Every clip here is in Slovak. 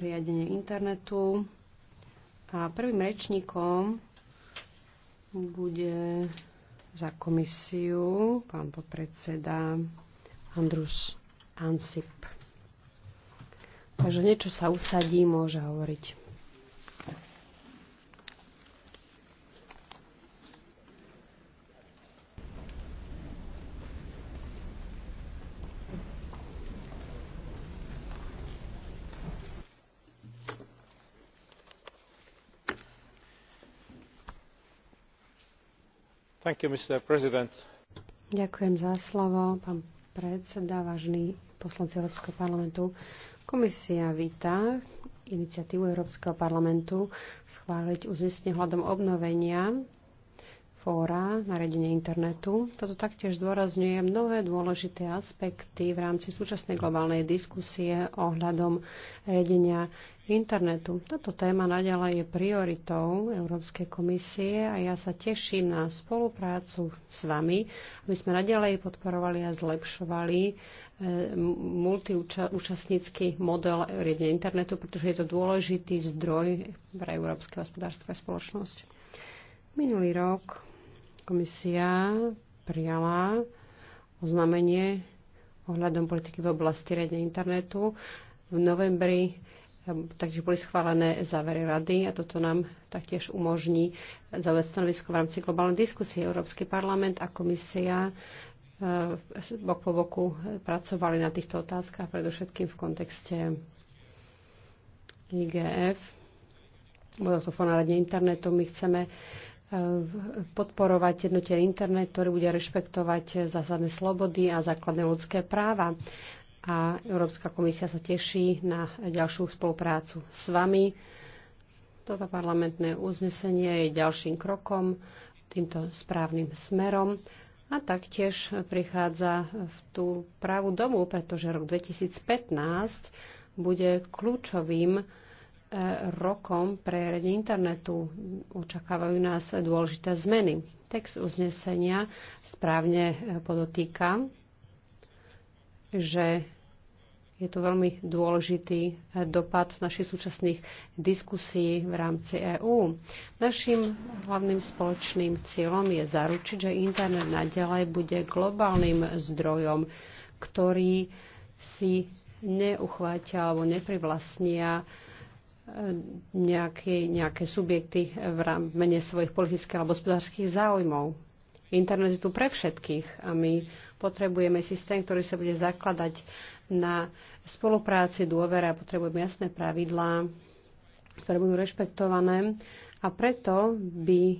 riadenie internetu. A prvým rečníkom bude za komisiu pán podpredseda Andrus Ansip. Takže niečo sa usadí, môže hovoriť. Ďakujem za slovo, pán predseda, vážení poslanci Európskeho parlamentu. Komisia víta iniciatívu Európskeho parlamentu schváliť uznesenie hľadom obnovenia fóra na redenie internetu. Toto taktiež zdôrazňuje mnohé dôležité aspekty v rámci súčasnej globálnej diskusie ohľadom redenia internetu. Toto téma naďalej je prioritou Európskej komisie a ja sa teším na spoluprácu s vami, aby sme naďalej podporovali a zlepšovali e, multiúčastnícky model riadenia internetu, pretože je to dôležitý zdroj pre európske hospodárstvo a spoločnosť. Minulý rok Komisia prijala oznámenie ohľadom politiky v oblasti riadenia internetu v novembri, eh, takže boli schválené závery rady a toto nám taktiež umožní zaujať stanovisko v rámci globálnej diskusie. Európsky parlament a komisia eh, bok po boku pracovali na týchto otázkach, predovšetkým v kontexte IGF, bolo to v internetu, my chceme podporovať jednotie internet, ktorý bude rešpektovať zásadné slobody a základné ľudské práva. A Európska komisia sa teší na ďalšiu spoluprácu s vami. Toto parlamentné uznesenie je ďalším krokom týmto správnym smerom a taktiež prichádza v tú právu domu, pretože rok 2015 bude kľúčovým rokom pre rede internetu. Očakávajú nás dôležité zmeny. Text uznesenia správne e, podotýka, že je tu veľmi dôležitý e, dopad našich súčasných diskusí v rámci EÚ. Našim hlavným spoločným cieľom je zaručiť, že internet naďalej bude globálnym zdrojom, ktorý si neuchvátia alebo neprivlastnia nejaké, nejaké subjekty v mene svojich politických alebo hospodárskych záujmov. Internet je tu pre všetkých a my potrebujeme systém, ktorý sa bude zakladať na spolupráci, dôvere a potrebujeme jasné pravidlá, ktoré budú rešpektované a preto by e,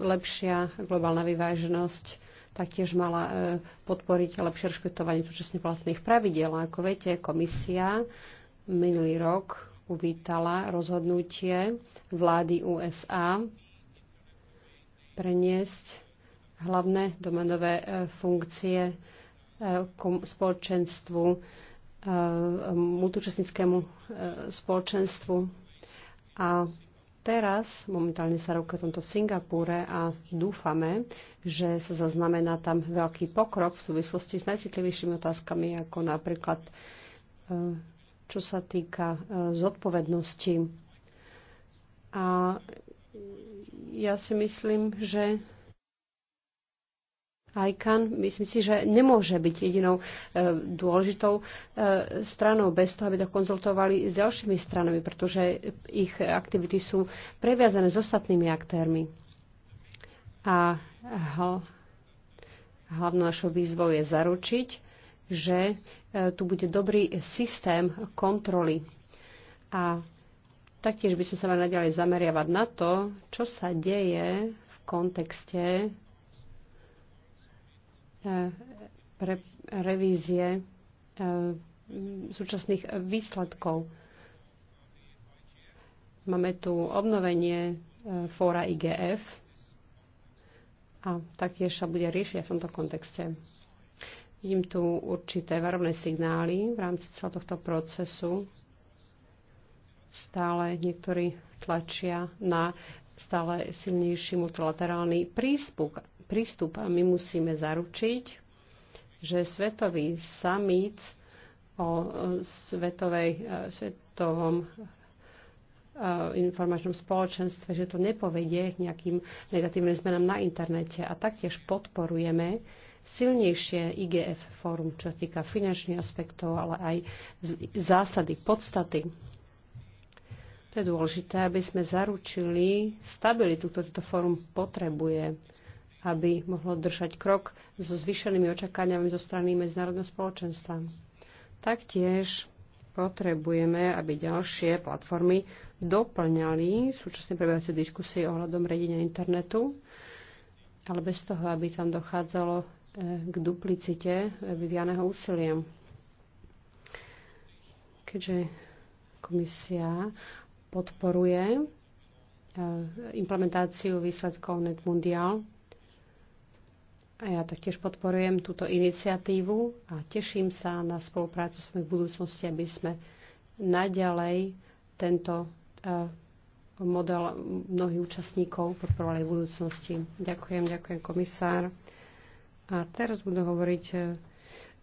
lepšia globálna vyváženosť taktiež mala e, podporiť lepšie rešpektovanie súčasne vlastných pravidel. Ako viete, komisia minulý rok uvítala rozhodnutie vlády USA preniesť hlavné domenové e, funkcie e, spoločenstvu, e, multúčastnickému spoločenstvu. A teraz, momentálne sa roka tomto v Singapúre a dúfame, že sa zaznamená tam veľký pokrok v súvislosti s najcitlivejšími otázkami, ako napríklad čo sa týka e, zodpovednosti. A ja si myslím, že ICAN, myslím si, že nemôže byť jedinou e, dôležitou e, stranou bez toho, aby to konzultovali s ďalšími stranami, pretože ich aktivity sú previazané s ostatnými aktérmi. A hlavnou našou výzvou je zaručiť, že e, tu bude dobrý systém kontroly. A taktiež by sme sa mali naďalej zameriavať na to, čo sa deje v kontexte pre e, revízie e, súčasných výsledkov. Máme tu obnovenie fóra IGF a taktiež sa bude riešiť v tomto kontexte im tu určité varovné signály v rámci celého tohto procesu. Stále niektorí tlačia na stále silnejší multilaterálny prístup, prístup a my musíme zaručiť, že svetový summit o e, svetovej, e, svetovom e, informačnom spoločenstve, že to nepovedie k nejakým negatívnym zmenám na internete. A taktiež podporujeme silnejšie IGF fórum, čo týka finančných aspektov, ale aj zásady, podstaty. To je dôležité, aby sme zaručili stabilitu, ktorú toto fórum potrebuje, aby mohlo držať krok so zvýšenými očakávaniami zo strany medzinárodného spoločenstva. Taktiež potrebujeme, aby ďalšie platformy doplňali súčasne prebiehajúce diskusie ohľadom redenia internetu, ale bez toho, aby tam dochádzalo k duplicite vyvianého úsilia. Keďže komisia podporuje eh, implementáciu výsledkov Net Mundial, a ja taktiež podporujem túto iniciatívu a teším sa na spoluprácu s v budúcnosti, aby sme naďalej tento eh, model mnohých účastníkov podporovali v budúcnosti. Ďakujem, ďakujem komisár. A teraz budú hovoriť e,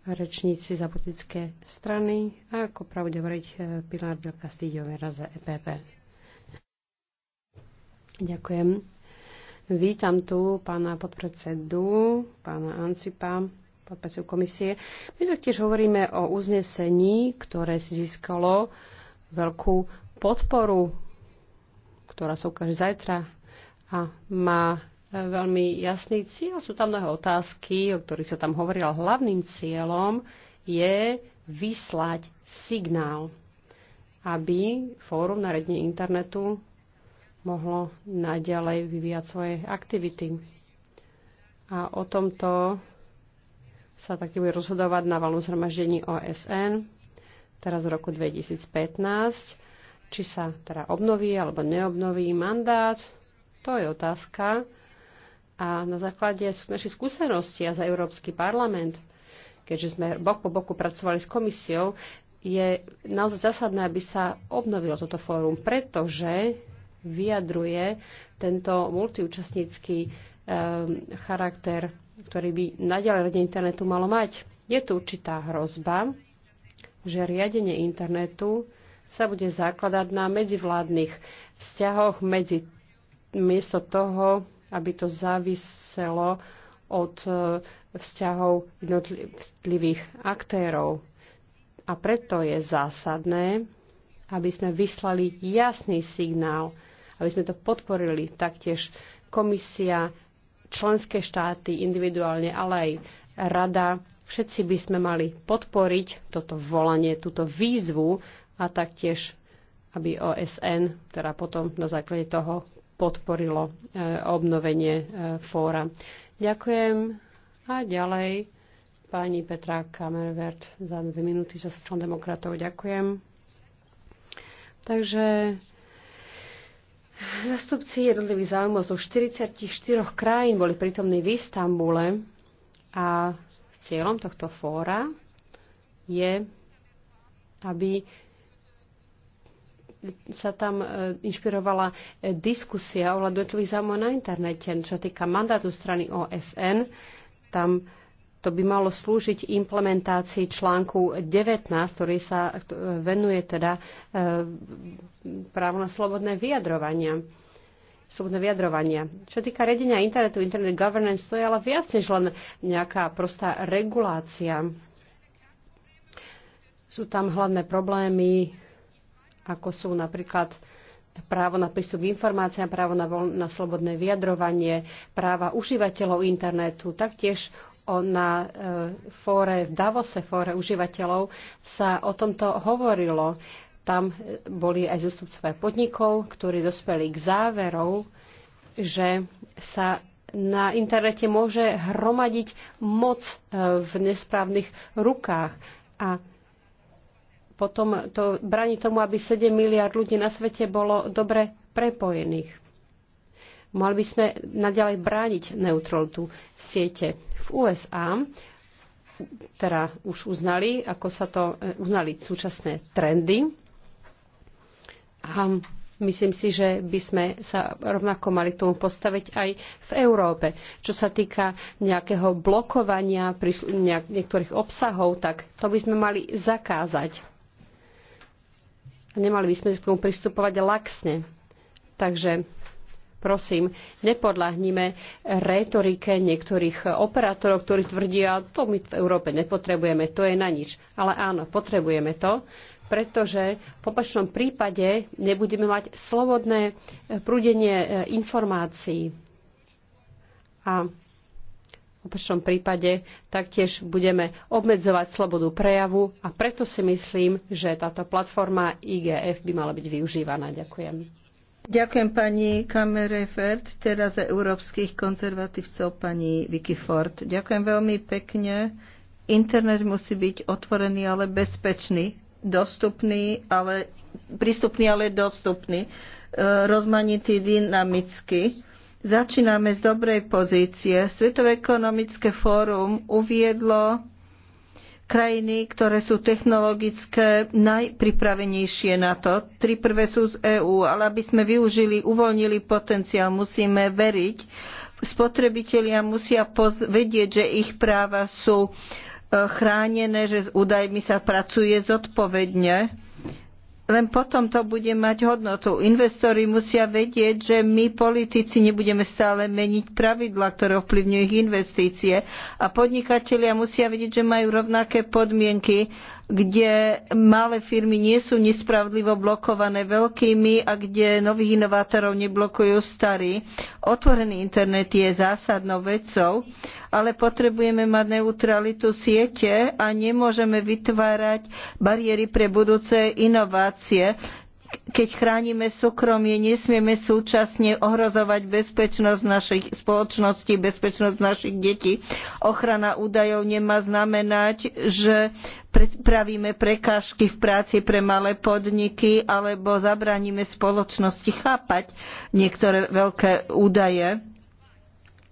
rečníci za politické strany a ako pravde hovoriť e, Pilar del Castillo Vera za EPP. Ďakujem. Vítam tu pána podpredsedu, pána Ancipa, podpredsedu komisie. My taktiež hovoríme o uznesení, ktoré si získalo veľkú podporu, ktorá sa ukáže zajtra a má veľmi jasný cieľ. Sú tam mnohé otázky, o ktorých sa tam hovorila. Hlavným cieľom je vyslať signál, aby Fórum na redne internetu mohlo naďalej vyvíjať svoje aktivity. A o tomto sa taký bude rozhodovať na valnom zhromaždení OSN teraz v roku 2015, či sa teda obnoví alebo neobnoví mandát. To je otázka a na základe našich skúseností a za Európsky parlament, keďže sme bok po boku pracovali s komisiou, je naozaj zásadné, aby sa obnovilo toto fórum, pretože vyjadruje tento multiúčastnícky um, charakter, ktorý by naďalej internetu malo mať. Je tu určitá hrozba, že riadenie internetu sa bude zakladať na medzivládnych vzťahoch medzi miesto toho, aby to záviselo od e, vzťahov jednotlivých aktérov. A preto je zásadné, aby sme vyslali jasný signál, aby sme to podporili taktiež komisia, členské štáty individuálne, ale aj rada. Všetci by sme mali podporiť toto volanie, túto výzvu a taktiež, aby OSN, ktorá teda potom na základe toho podporilo e, obnovenie e, fóra. Ďakujem a ďalej pani Petra Kamervert za dve minúty za sociálnych demokratov. Ďakujem. Takže Zastupci jednotlivých záujmov zo 44 krajín boli prítomní v Istambule a cieľom tohto fóra je, aby sa tam e, inšpirovala e, diskusia o jednotlivých zámov na internete. Čo týka mandátu strany OSN, tam to by malo slúžiť implementácii článku 19, ktorý sa e, venuje teda právo na slobodné vyjadrovania. Slobodné vyjadrovania. Čo týka redenia internetu, internet governance, to je ale viac než len nejaká prostá regulácia. Sú tam hlavné problémy ako sú napríklad právo na prístup k informáciám, právo na, voľ, na slobodné vyjadrovanie, práva užívateľov internetu, taktiež na e, fóre v Davose, fóre užívateľov, sa o tomto hovorilo. Tam e, boli aj zostupcové podnikov, ktorí dospeli k záverov, že sa na internete môže hromadiť moc e, v nesprávnych rukách. A potom to bráni tomu, aby 7 miliard ľudí na svete bolo dobre prepojených. Mali by sme naďalej brániť neutralitu siete. V USA teda už uznali, ako sa to e, uznali súčasné trendy. A myslím si, že by sme sa rovnako mali k tomu postaviť aj v Európe. Čo sa týka nejakého blokovania niektorých obsahov, tak to by sme mali zakázať. A nemali by sme k tomu pristupovať laxne. Takže prosím, nepodľahnime retorike niektorých operátorov, ktorí tvrdia, to my v Európe nepotrebujeme, to je na nič. Ale áno, potrebujeme to, pretože v opačnom prípade nebudeme mať slobodné prúdenie eh, informácií. A v opačnom prípade taktiež budeme obmedzovať slobodu prejavu a preto si myslím, že táto platforma IGF by mala byť využívaná. Ďakujem. Ďakujem pani Kamere Fert, teraz za európskych konzervatívcov pani Vicky Ford. Ďakujem veľmi pekne. Internet musí byť otvorený, ale bezpečný, dostupný, ale prístupný, ale dostupný, e, rozmanitý, dynamický Začíname z dobrej pozície. Svetové ekonomické fórum uviedlo krajiny, ktoré sú technologické najpripravenejšie na to. Tri prvé sú z EÚ, ale aby sme využili, uvoľnili potenciál, musíme veriť. Spotrebitelia musia vedieť, že ich práva sú eh, chránené, že s údajmi sa pracuje zodpovedne len potom to bude mať hodnotu. Investori musia vedieť, že my politici nebudeme stále meniť pravidla, ktoré ovplyvňujú ich investície. A podnikatelia musia vedieť, že majú rovnaké podmienky, kde malé firmy nie sú nespravdlivo blokované veľkými a kde nových inovátorov neblokujú starí. Otvorený internet je zásadnou vecou ale potrebujeme mať neutralitu siete a nemôžeme vytvárať bariéry pre budúce inovácie keď chránime súkromie, nesmieme súčasne ohrozovať bezpečnosť našich spoločností, bezpečnosť našich detí. Ochrana údajov nemá znamenať, že pravíme prekážky v práci pre malé podniky alebo zabránime spoločnosti chápať niektoré veľké údaje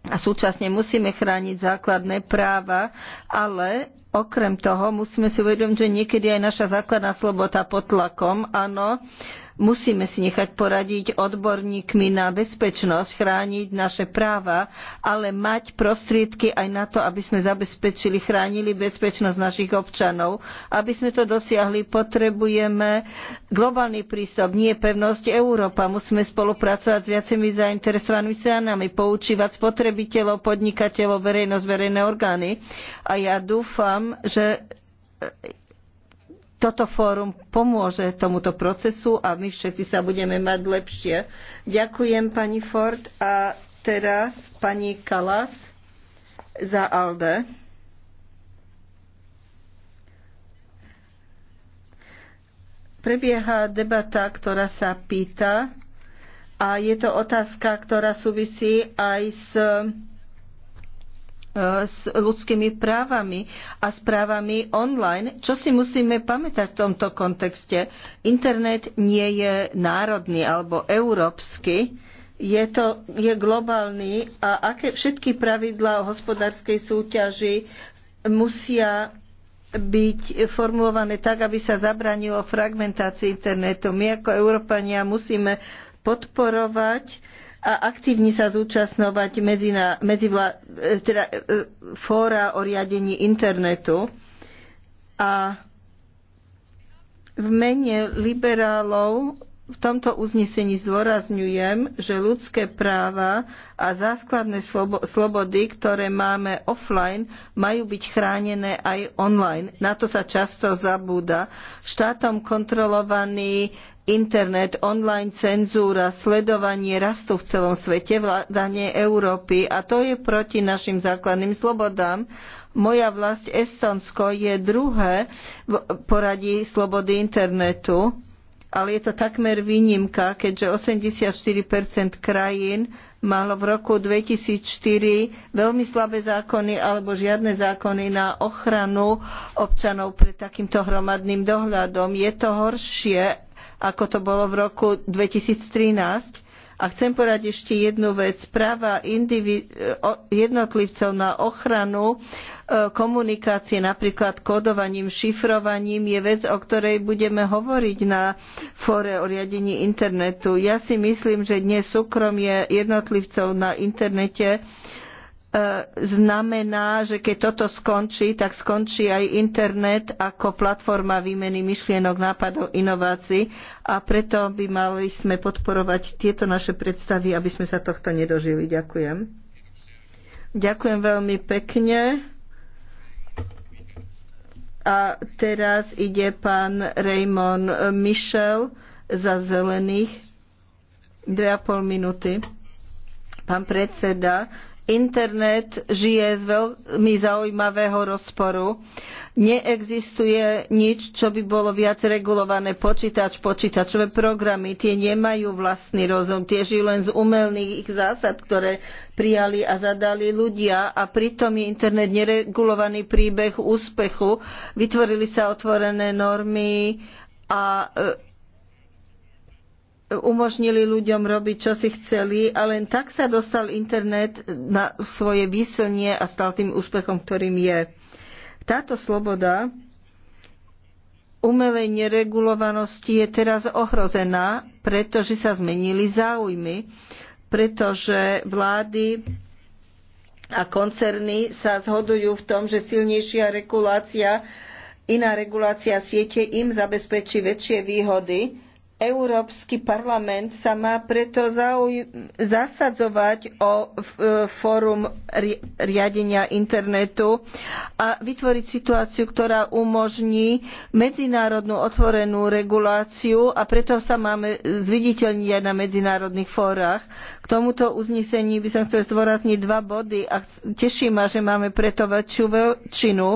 a súčasne musíme chrániť základné práva, ale okrem toho musíme si uvedomiť, že niekedy aj naša základná sloboda pod tlakom. Áno, Musíme si nechať poradiť odborníkmi na bezpečnosť, chrániť naše práva, ale mať prostriedky aj na to, aby sme zabezpečili, chránili bezpečnosť našich občanov. Aby sme to dosiahli, potrebujeme globálny prístup, nie pevnosť Európa. Musíme spolupracovať s viacimi zainteresovanými stranami, poučívať spotrebiteľov, podnikateľov, verejnosť, verejné orgány. A ja dúfam, že toto fórum pomôže tomuto procesu a my všetci sa budeme mať lepšie. Ďakujem pani Ford a teraz pani Kalas za ALDE. Prebieha debata, ktorá sa pýta a je to otázka, ktorá súvisí aj s E, s ľudskými právami a s právami online, čo si musíme pamätať v tomto kontexte. Internet nie je národný alebo európsky, je, to, je globálny a aké všetky pravidlá o hospodárskej súťaži musia byť formulované tak, aby sa zabránilo fragmentácii internetu. My ako Európania musíme podporovať a aktívne sa zúčastňovať medzi, na, medzi vla, e, teda, e, fóra o riadení internetu. A v mene liberálov v tomto uznesení zdôrazňujem, že ľudské práva a základné slobody, ktoré máme offline, majú byť chránené aj online. Na to sa často zabúda. Štátom kontrolovaný internet, online cenzúra, sledovanie rastu v celom svete, vládanie Európy a to je proti našim základným slobodám. Moja vlast Estonsko je druhé v poradí slobody internetu ale je to takmer výnimka, keďže 84 krajín malo v roku 2004 veľmi slabé zákony alebo žiadne zákony na ochranu občanov pred takýmto hromadným dohľadom. Je to horšie, ako to bolo v roku 2013 a chcem povedať ešte jednu vec. Práva jednotlivcov na ochranu e, komunikácie napríklad kódovaním, šifrovaním je vec, o ktorej budeme hovoriť na fóre o riadení internetu. Ja si myslím, že dnes súkromie jednotlivcov na internete E, znamená, že keď toto skončí, tak skončí aj internet ako platforma výmeny myšlienok, nápadov, inovácií a preto by mali sme podporovať tieto naše predstavy, aby sme sa tohto nedožili. Ďakujem. Ďakujem veľmi pekne. A teraz ide pán Raymond Michel za zelených. Dve a pol minúty. Pán predseda, Internet žije z veľmi zaujímavého rozporu. Neexistuje nič, čo by bolo viac regulované. Počítač, počítačové programy, tie nemajú vlastný rozum. Tie žijú len z umelných ich zásad, ktoré prijali a zadali ľudia a pritom je internet neregulovaný príbeh úspechu. Vytvorili sa otvorené normy a e, umožnili ľuďom robiť, čo si chceli a len tak sa dostal internet na svoje výslnie a stal tým úspechom, ktorým je. Táto sloboda umelej neregulovanosti je teraz ohrozená, pretože sa zmenili záujmy, pretože vlády a koncerny sa zhodujú v tom, že silnejšia regulácia, iná regulácia siete im zabezpečí väčšie výhody, Európsky parlament sa má preto zasadzovať o fórum riadenia internetu a vytvoriť situáciu, ktorá umožní medzinárodnú otvorenú reguláciu a preto sa máme zviditeľniť aj na medzinárodných fórach. K tomuto uzneseniu by som chcel zdôrazniť dva body a teší ma, že máme preto väčšiu väčšinu.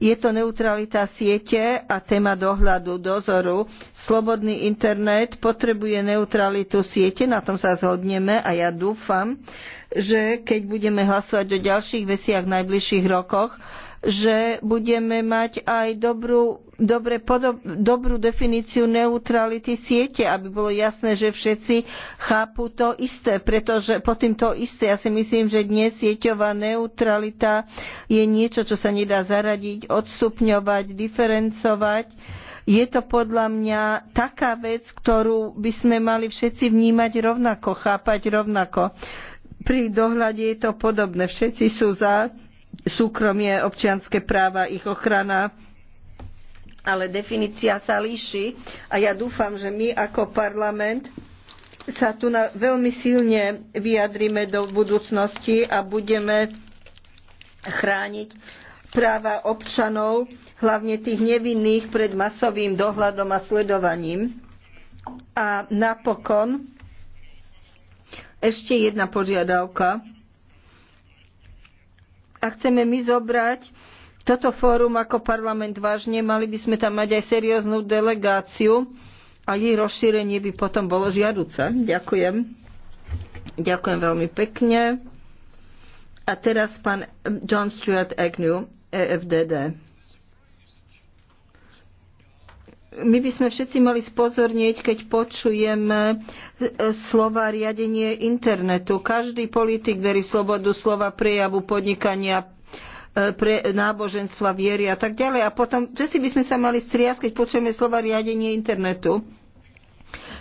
Je to neutralita siete a téma dohľadu, dozoru. Slobodný internet potrebuje neutralitu siete, na tom sa zhodneme a ja dúfam, že keď budeme hlasovať o ďalších veciach v najbližších rokoch, že budeme mať aj dobrú, dobre, podob, dobrú definíciu neutrality siete, aby bolo jasné, že všetci chápu to isté, pretože po tým to isté. Ja si myslím, že dnes sieťová neutralita je niečo, čo sa nedá zaradiť, odstupňovať, diferencovať. Je to podľa mňa taká vec, ktorú by sme mali všetci vnímať rovnako, chápať rovnako. Pri dohľade je to podobné. Všetci sú za súkromie, občianske práva, ich ochrana, ale definícia sa líši a ja dúfam, že my ako parlament sa tu veľmi silne vyjadrime do budúcnosti a budeme chrániť práva občanov, hlavne tých nevinných, pred masovým dohľadom a sledovaním. A napokon ešte jedna požiadavka a chceme my zobrať toto fórum ako parlament vážne, mali by sme tam mať aj serióznu delegáciu a jej rozšírenie by potom bolo žiaduce. Ďakujem. Ďakujem veľmi pekne. A teraz pán John Stuart Agnew, EFDD. my by sme všetci mali spozornieť, keď počujeme e, slova riadenie internetu. Každý politik verí slobodu slova, prejavu, podnikania, e, pre náboženstva, viery a tak ďalej. A potom, že si by sme sa mali striasť, keď počujeme slova riadenie internetu.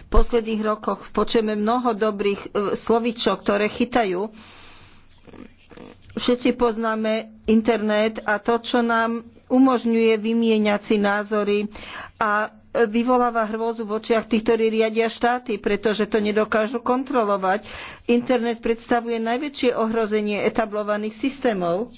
V posledných rokoch počujeme mnoho dobrých e, slovičok, ktoré chytajú. Všetci poznáme internet a to, čo nám umožňuje vymieňať si názory a vyvoláva hrôzu v očiach tých, ktorí riadia štáty, pretože to nedokážu kontrolovať. Internet predstavuje najväčšie ohrozenie etablovaných systémov.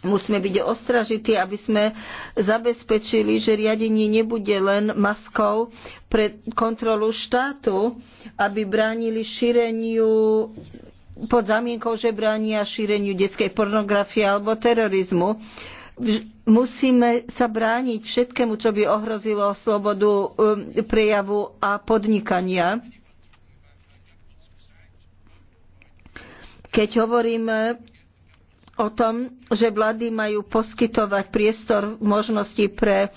Musíme byť ostražití, aby sme zabezpečili, že riadenie nebude len maskou pre kontrolu štátu, aby bránili šíreniu pod zamienkou že bránia šíreniu detskej pornografie alebo terorizmu. Musíme sa brániť všetkému, čo by ohrozilo slobodu um, prejavu a podnikania. Keď hovoríme o tom, že vlády majú poskytovať priestor možnosti pre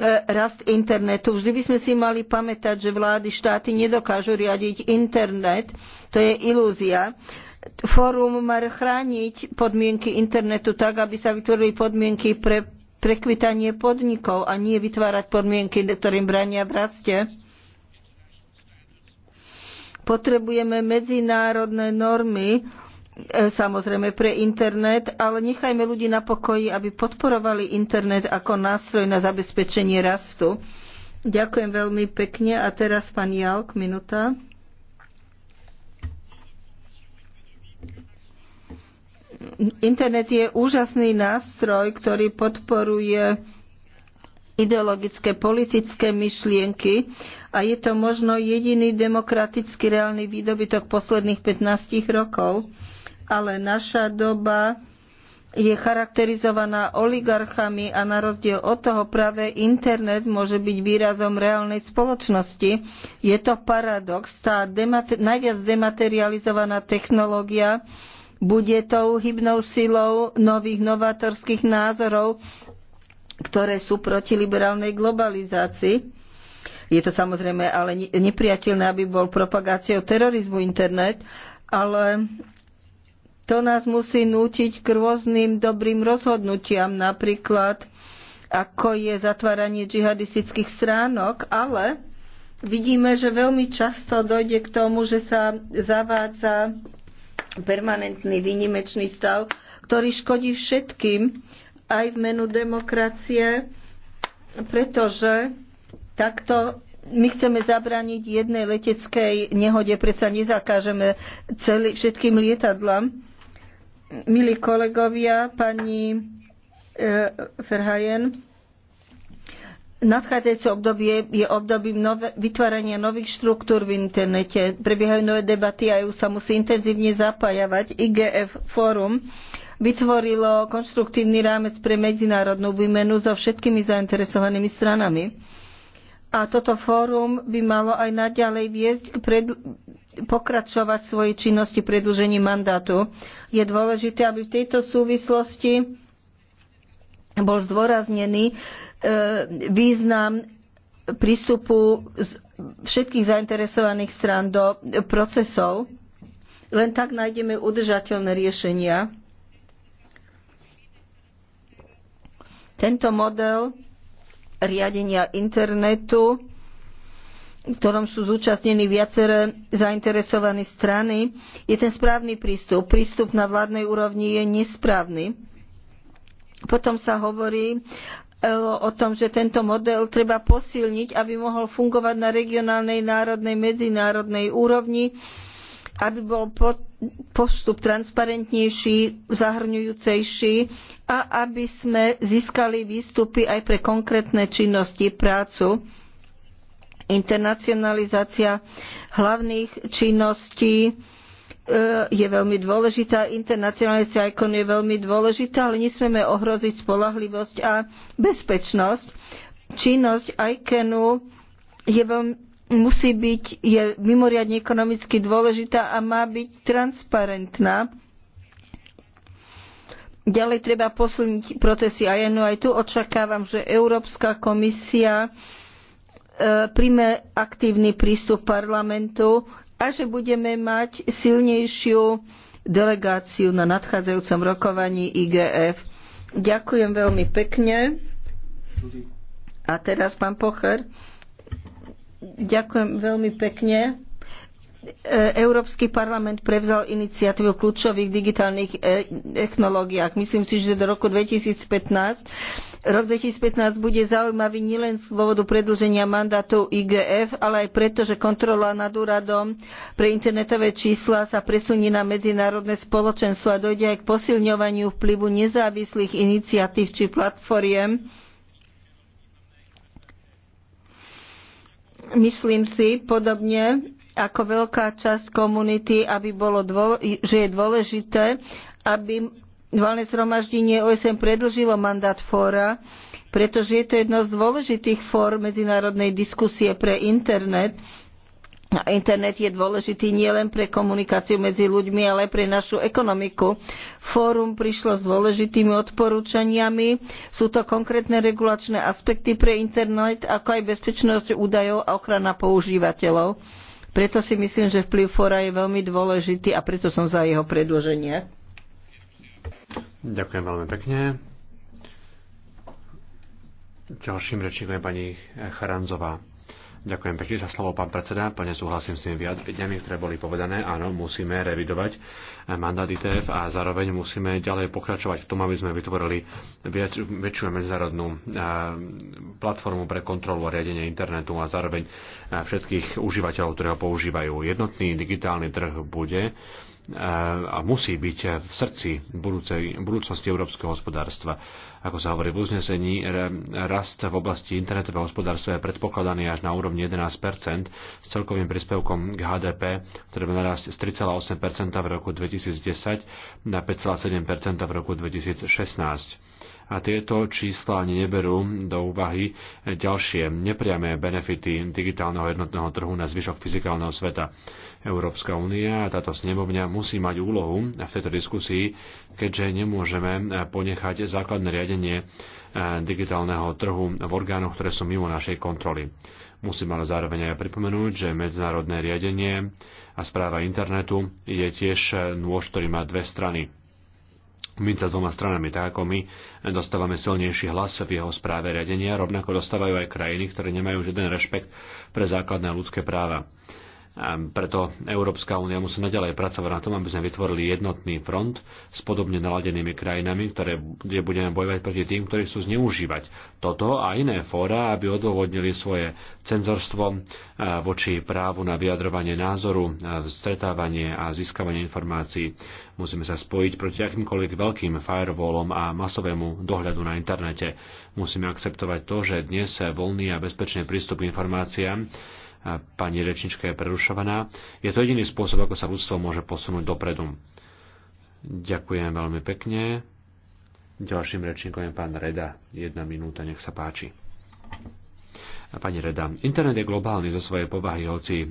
E, rast internetu. Vždy by sme si mali pamätať, že vlády štáty nedokážu riadiť internet. To je ilúzia. Fórum má chrániť podmienky internetu tak, aby sa vytvorili podmienky pre prekvitanie podnikov a nie vytvárať podmienky, ktorým brania v raste. Potrebujeme medzinárodné normy, E, samozrejme pre internet, ale nechajme ľudí na pokoji, aby podporovali internet ako nástroj na zabezpečenie rastu. Ďakujem veľmi pekne a teraz pán Jalk, minúta. Internet je úžasný nástroj, ktorý podporuje ideologické, politické myšlienky a je to možno jediný demokraticky reálny výdobytok posledných 15 rokov ale naša doba je charakterizovaná oligarchami a na rozdiel od toho práve internet môže byť výrazom reálnej spoločnosti. Je to paradox, tá demate- najviac dematerializovaná technológia bude tou hybnou silou nových novatorských názorov, ktoré sú proti liberálnej globalizácii. Je to samozrejme ale nepriateľné, aby bol propagáciou terorizmu internet, ale to nás musí nútiť k rôznym dobrým rozhodnutiam, napríklad ako je zatváranie džihadistických stránok, ale vidíme, že veľmi často dojde k tomu, že sa zavádza permanentný výnimečný stav, ktorý škodí všetkým aj v menu demokracie, pretože takto my chceme zabrániť jednej leteckej nehode, predsa nezakážeme celý, všetkým lietadlám. Milí kolegovia, pani Ferhajen, e, Nadchádzajúce obdobie je obdobím nové, vytvárania nových štruktúr v internete. Prebiehajú nové debaty a EU sa musí intenzívne zapájavať. IGF Fórum vytvorilo konštruktívny rámec pre medzinárodnú výmenu so všetkými zainteresovanými stranami. A toto fórum by malo aj naďalej viesť k pred, pokračovať v svojej činnosti predĺžení mandátu. Je dôležité, aby v tejto súvislosti bol zdôraznený e, význam prístupu všetkých zainteresovaných strán do procesov. Len tak nájdeme udržateľné riešenia. Tento model riadenia internetu v ktorom sú zúčastnení viaceré zainteresované strany, je ten správny prístup. Prístup na vládnej úrovni je nesprávny. Potom sa hovorí eh, o tom, že tento model treba posilniť, aby mohol fungovať na regionálnej, národnej, medzinárodnej úrovni, aby bol postup transparentnejší, zahrňujúcejší a aby sme získali výstupy aj pre konkrétne činnosti, prácu Internacionalizácia hlavných činností e, je veľmi dôležitá, internacionalizácia ikon je veľmi dôležitá, ale nesmieme ohroziť spolahlivosť a bezpečnosť. Činnosť ICANu je veľmi, musí byť je mimoriadne ekonomicky dôležitá a má byť transparentná. Ďalej treba posilniť procesy INU. Aj tu očakávam, že Európska komisia E, príjme aktívny prístup parlamentu a že budeme mať silnejšiu delegáciu na nadchádzajúcom rokovaní IGF. Ďakujem veľmi pekne. A teraz pán Pocher. Ďakujem veľmi pekne. E, Európsky parlament prevzal iniciatívu kľúčových digitálnych e, technológiách. Myslím si, že do roku 2015 Rok 2015 bude zaujímavý nielen z dôvodu predĺženia mandátu IGF, ale aj preto, že kontrola nad úradom pre internetové čísla sa presunie na medzinárodné spoločenstvo a dojde aj k posilňovaniu vplyvu nezávislých iniciatív či platformiem myslím si podobne ako veľká časť komunity, aby bolo že je dôležité, aby valné zhromaždenie OSN predlžilo mandát fóra, pretože je to jedno z dôležitých fór medzinárodnej diskusie pre internet. A internet je dôležitý nielen pre komunikáciu medzi ľuďmi, ale aj pre našu ekonomiku. Fórum prišlo s dôležitými odporúčaniami. Sú to konkrétne regulačné aspekty pre internet, ako aj bezpečnosť údajov a ochrana používateľov. Preto si myslím, že vplyv fóra je veľmi dôležitý a preto som za jeho predloženie. Ďakujem veľmi pekne. Ďalším rečníkom je pani Charanzová. Ďakujem pekne za slovo, pán predseda. Plne súhlasím s tými vyjadreniami, ktoré boli povedané. Áno, musíme revidovať mandát ITF a zároveň musíme ďalej pokračovať v tom, aby sme vytvorili viac, väčšiu medzinárodnú eh, platformu pre kontrolu a riadenie internetu a zároveň eh, všetkých užívateľov, ktorí ho používajú. Jednotný digitálny trh bude a musí byť v srdci budúcej, budúcnosti európskeho hospodárstva. Ako sa hovorí v uznesení, rast v oblasti internetového hospodárstva je predpokladaný až na úrovni 11 s celkovým príspevkom k HDP, ktoré by narásť z 3,8 v roku 2010 na 5,7 v roku 2016 a tieto čísla ani neberú do úvahy ďalšie nepriame benefity digitálneho jednotného trhu na zvyšok fyzikálneho sveta. Európska únia a táto snemovňa musí mať úlohu v tejto diskusii, keďže nemôžeme ponechať základné riadenie eh, digitálneho trhu v orgánoch, ktoré sú mimo našej kontroly. Musím ale zároveň aj pripomenúť, že medzinárodné riadenie a správa internetu je tiež nôž, ktorý má dve strany minca s dvoma stranami, tak ako my dostávame silnejší hlas v jeho správe riadenia, rovnako dostávajú aj krajiny, ktoré nemajú žiaden rešpekt pre základné ľudské práva. Preto Európska únia musí naďalej pracovať na tom, aby sme vytvorili jednotný front s podobne naladenými krajinami, ktoré, kde budeme bojovať proti tým, ktorí chcú zneužívať toto a iné fóra, aby odôvodnili svoje cenzorstvo e, voči právu na vyjadrovanie názoru, e, stretávanie a získavanie informácií. Musíme sa spojiť proti akýmkoľvek veľkým firewallom a masovému dohľadu na internete. Musíme akceptovať to, že dnes voľný a bezpečný prístup k informáciám pani rečnička je prerušovaná. Je to jediný spôsob, ako sa ľudstvo môže posunúť dopredu. Ďakujem veľmi pekne. Ďalším rečníkom je pán Reda. Jedna minúta, nech sa páči. Pani Reda, internet je globálny zo svojej povahy, hoci e,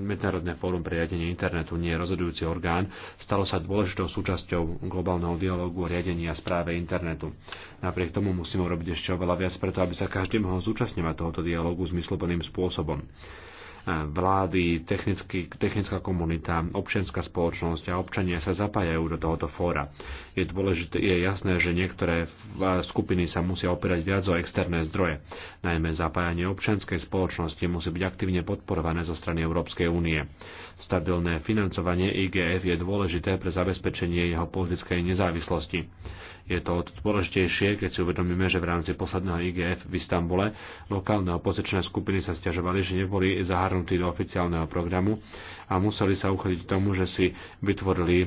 Medzinárodné fórum pre riadenie internetu nie je rozhodujúci orgán, stalo sa dôležitou súčasťou globálneho dialogu o riadení a správe internetu. Napriek tomu musíme urobiť ešte oveľa viac preto, aby sa každý mohol zúčastňovať tohoto dialogu zmysluplným spôsobom vlády, technická komunita, občianská spoločnosť a občania sa zapájajú do tohoto fóra. Je, dôležité, je jasné, že niektoré skupiny sa musia opierať viac o externé zdroje. Najmä zapájanie občianskej spoločnosti musí byť aktívne podporované zo strany Európskej únie. Stabilné financovanie IGF je dôležité pre zabezpečenie jeho politickej nezávislosti. Je to dôležitejšie, keď si uvedomíme, že v rámci posledného IGF v Istambule lokálne opozičné skupiny sa stiažovali, že neboli zahrnutí do oficiálneho programu a museli sa uchodiť tomu, že si vytvorili e,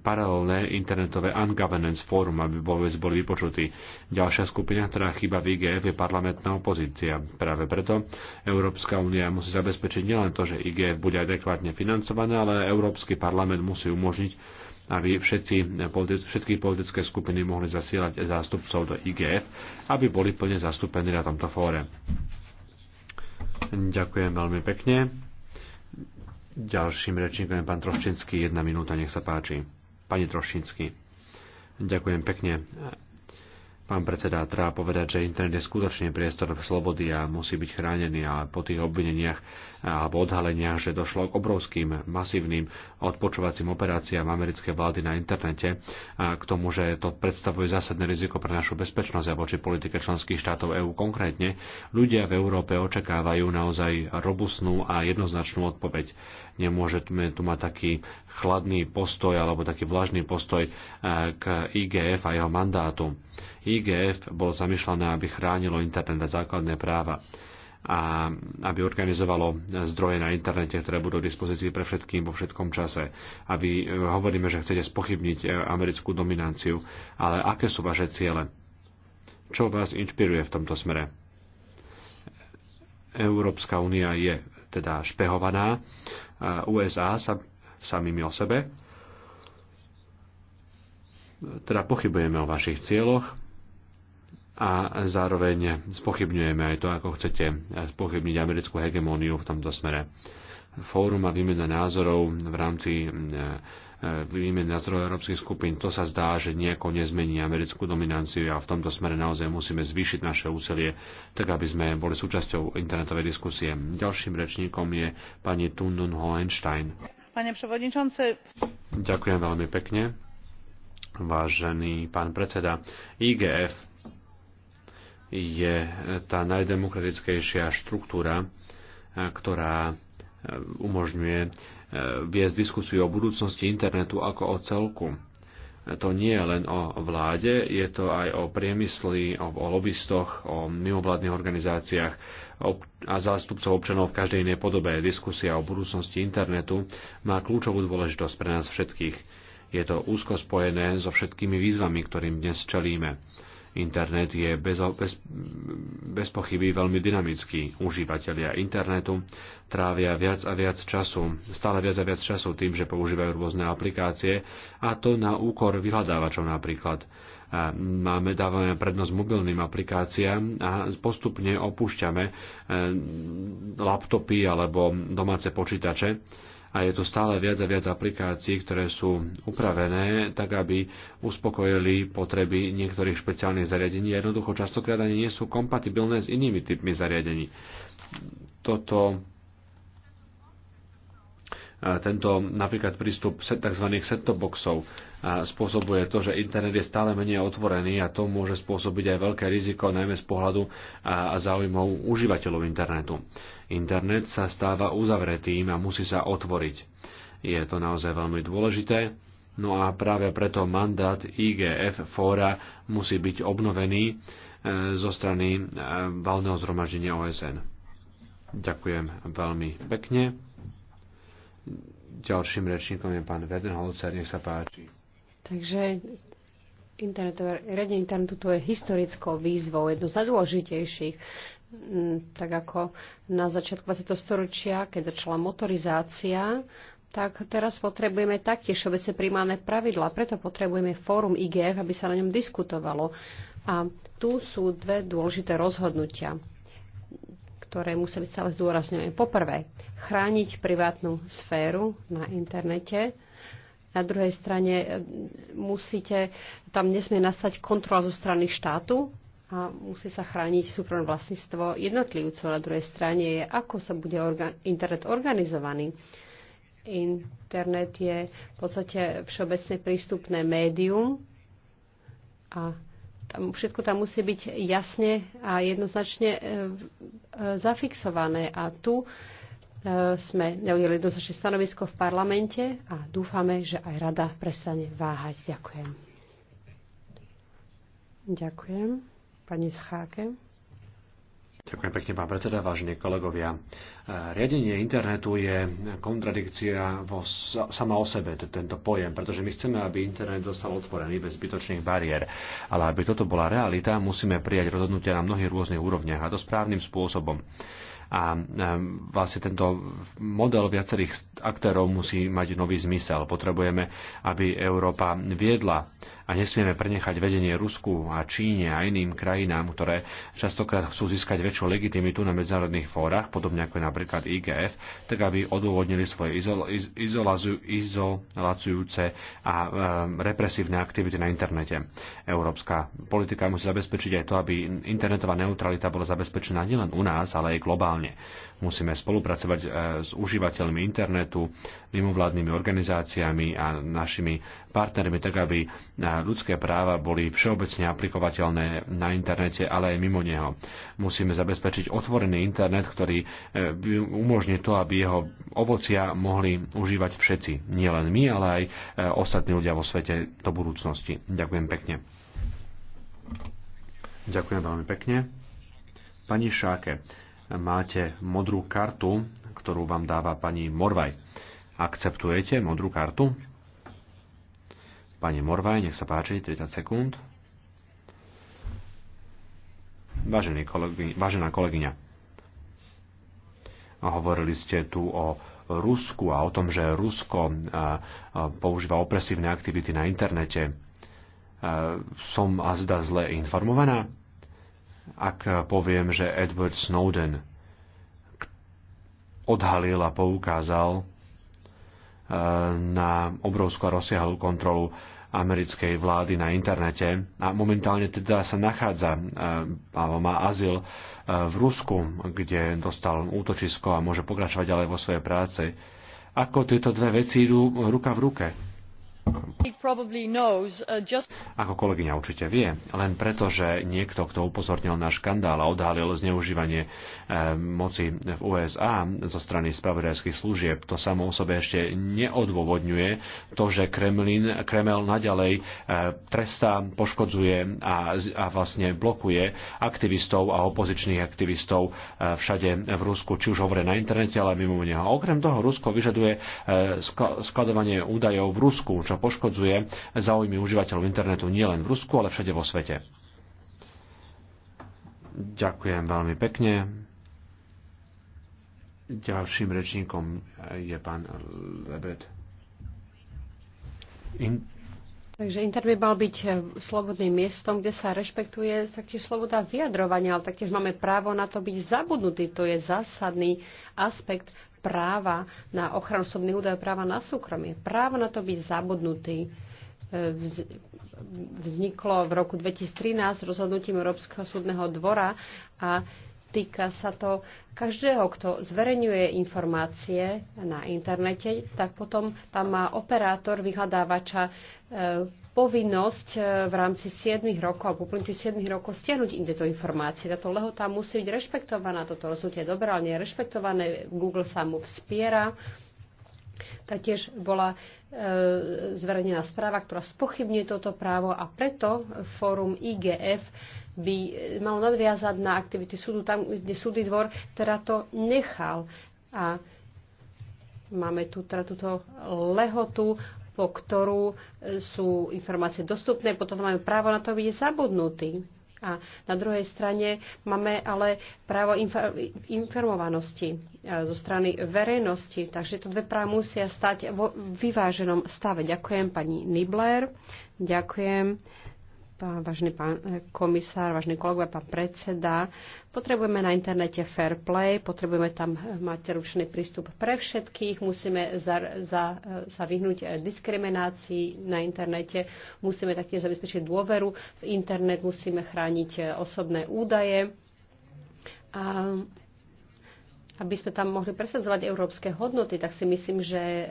paralelné internetové ungovernance fórum, aby vôbec boli vypočutí. Ďalšia skupina, ktorá chýba v IGF, je parlamentná opozícia. Práve preto Európska únia musí zabezpečiť nielen to, že IGF bude adekvátne financované, ale Európsky parlament musí umožniť aby všetci, všetky politické skupiny mohli zasielať zástupcov do IGF, aby boli plne zastúpení na tomto fóre. Ďakujem veľmi pekne. Ďalším rečníkom je pán Troščinský. Jedna minúta, nech sa páči. Pani Troščinský. Ďakujem pekne. Pán predseda, treba povedať, že internet je skutočne priestor slobody a musí byť chránený, ale po tých obvineniach alebo odhaleniach, že došlo k obrovským, masívnym odpočúvacím operáciám americkej vlády na internete a k tomu, že to predstavuje zásadné riziko pre našu bezpečnosť a voči politike členských štátov EÚ konkrétne, ľudia v Európe očakávajú naozaj robustnú a jednoznačnú odpoveď. Nemôžeme tu mať taký chladný postoj alebo taký vlažný postoj e, k IGF a jeho mandátu. IGF bolo zamýšľané, aby chránilo internet a základné práva a aby organizovalo zdroje na internete, ktoré budú v dispozícii pre všetkým vo všetkom čase. A vy e, hovoríme, že chcete spochybniť e, americkú dominanciu, ale aké sú vaše ciele? Čo vás inšpiruje v tomto smere? Európska únia je teda špehovaná, e, USA sa samými o sebe, teda pochybujeme o vašich cieľoch, a zároveň spochybňujeme aj to, ako chcete spochybniť americkú hegemóniu v tomto smere. Fórum a výmena názorov v rámci e, e, výmeny názorov európskych skupín, to sa zdá, že nejako nezmení americkú dominanciu a v tomto smere naozaj musíme zvýšiť naše úsilie, tak aby sme boli súčasťou internetovej diskusie. Ďalším rečníkom je pani Tundun Hohenstein. Pane prevodničance. Ďakujem veľmi pekne. Vážený pán predseda, IGF je tá najdemokratickejšia štruktúra, e, ktorá e, umožňuje e, viesť diskusiu o budúcnosti internetu ako o celku. To nie je len o vláde, je to aj o priemysli, o, o lobbystoch, o mimovládnych organizáciách a zástupcov občanov v každej inej podobe. Diskusia o budúcnosti internetu má kľúčovú dôležitosť pre nás všetkých. Je to úzko spojené so všetkými výzvami, ktorým dnes čelíme. Internet je bez, bez, bez pochyby veľmi dynamický. Užívateľia internetu trávia viac a viac času, stále viac a viac času tým, že používajú rôzne aplikácie a to na úkor vyhľadávačov napríklad. Máme, dávame prednosť mobilným aplikáciám a postupne opúšťame eh, laptopy alebo domáce počítače a je tu stále viac a viac aplikácií, ktoré sú upravené tak, aby uspokojili potreby niektorých špeciálnych zariadení. Jednoducho častokrát ani nie sú kompatibilné s inými typmi zariadení. Toto E, tento napríklad prístup tzv. set-top boxov e, spôsobuje to, že internet je stále menej otvorený a to môže spôsobiť aj veľké riziko, najmä z pohľadu e, a záujmov užívateľov internetu. Internet sa stáva uzavretým a musí sa otvoriť. Je to naozaj veľmi dôležité, no a práve preto mandát IGF fóra musí byť obnovený zo strany valného zhromaždenia OSN. Ďakujem veľmi pekne. Ďalším rečníkom je pán Vedenholzer, nech sa páči. Takže internetové, riadenie internetu to je historickou výzvou, jednou z najdôležitejších. Mm, tak ako na začiatku 20. storočia, keď začala motorizácia, tak teraz potrebujeme taktiež obecne primárne pravidla. Preto potrebujeme fórum IGF, aby sa na ňom diskutovalo. A tu sú dve dôležité rozhodnutia ktoré musia byť stále zdôrazňujem. Poprvé, chrániť privátnu sféru na internete. Na druhej strane e, musíte, tam nesmie nastať kontrola zo strany štátu a musí sa chrániť súkromné vlastníctvo jednotlivcov. Na druhej strane je, ako sa bude orga- internet organizovaný. Internet je v podstate všeobecne prístupné médium a tam, všetko tam musí byť jasne a jednoznačne e, e, zafixované. A tu e, sme neudeli dostačné stanovisko v parlamente a dúfame, že aj rada prestane váhať. Ďakujem. Ďakujem. Pani Scháke. Ďakujem pekne, pán predseda, vážení kolegovia. E, riadenie internetu je kontradikcia vo, sama o sebe, tento pojem, pretože my chceme, aby internet zostal otvorený bez zbytočných bariér. Ale aby toto bola realita, musíme prijať rozhodnutia na mnohých rôznych úrovniach a to správnym spôsobom a vlastne tento model viacerých aktérov musí mať nový zmysel. Potrebujeme, aby Európa viedla a nesmieme prenechať vedenie Rusku a Číne a iným krajinám, ktoré častokrát chcú získať väčšiu legitimitu na medzinárodných fórach, podobne ako je napríklad IGF, tak aby odôvodnili svoje izol, iz, izolacujúce a e, represívne aktivity na internete. Európska politika musí zabezpečiť aj to, aby internetová neutralita bola zabezpečená nielen u nás, ale aj globálne globálne. Musíme spolupracovať e, s užívateľmi internetu, mimovládnymi organizáciami a našimi partnermi, tak aby e, ľudské práva boli všeobecne aplikovateľné na internete, ale aj mimo neho. Musíme zabezpečiť otvorený internet, ktorý e, umožní to, aby jeho ovocia mohli užívať všetci. Nie len my, ale aj ostatní ľudia vo svete do budúcnosti. Ďakujem pekne. Ďakujem veľmi pekne. Pani Šáke, máte modrú kartu, ktorú vám dáva pani Morvaj. Akceptujete modrú kartu? Pani Morvaj, nech sa páči, 30 sekúnd. Vážený kolegy, vážená kolegyňa, hovorili ste tu o Rusku a o tom, že Rusko používa opresívne aktivity na internete. Som a zda zle informovaná? ak poviem, že Edward Snowden odhalil a poukázal eh, na obrovskú a rozsiahlu kontrolu americkej vlády na internete a momentálne teda sa nachádza eh, alebo má azyl eh, v Rusku, kde dostal útočisko a môže pokračovať ďalej vo svojej práci. Ako tieto dve veci idú ruka v ruke? Uh, Ako kolegyňa určite vie, len preto, že niekto, kto upozornil na škandál a odhalil zneužívanie eh, moci v USA zo strany spravodajských služieb, to samo o sebe ešte neodôvodňuje to, že Kremlin, Kreml naďalej eh, trestá, poškodzuje a, a vlastne blokuje aktivistov a opozičných aktivistov eh, všade v Rusku, či už hovoria na internete, ale mimo neho. Okrem toho Rusko vyžaduje skladovanie údajov v Rusku, čo čo poškodzuje záujmy užívateľov internetu nielen v Rusku, ale všade vo svete. Ďakujem veľmi pekne. Ďalším rečníkom je pán Lebed. In- Takže internet by mal byť eh, slobodným miestom, kde sa rešpektuje taktiež sloboda vyjadrovania, ale taktiež máme právo na to byť zabudnutý. To je zásadný aspekt práva na ochranu osobných údajov, práva na súkromie. Právo na to byť zabudnutý eh, vzniklo v roku 2013 rozhodnutím Európskeho súdneho dvora a týka sa to každého, kto zverejňuje informácie na internete, tak potom tam má operátor vyhľadávača e, povinnosť e, v rámci 7 rokov alebo uplynutí 7 rokov stiahnuť im tieto informácie. Táto lehota musí byť rešpektovaná, toto rozhodnutie je dobré, ale nie je rešpektované, Google sa mu vzpiera. Taktiež bola e, zverejnená správa, ktorá spochybňuje toto právo a preto fórum IGF by eh, mal nadviazať na aktivity súdu tam, kde súdy dvor teda to nechal. A máme tu teda túto lehotu, po ktorú eh, sú informácie dostupné, potom máme právo na to byť zabudnutý. A na druhej strane máme ale právo informovanosti eh, zo strany verejnosti, takže to dve práva musia stať vo vyváženom stave. Ďakujem pani Nibler, ďakujem pán, vážny pán eh, komisár, vážny kolega, pán predseda. Potrebujeme na internete fair play, potrebujeme tam eh, mať ručný prístup pre všetkých, musíme za, za, eh, sa vyhnúť diskriminácii na internete, musíme taktiež zabezpečiť dôveru v internet, musíme chrániť osobné údaje. A aby sme tam mohli presadzovať európske hodnoty, tak si myslím, že e,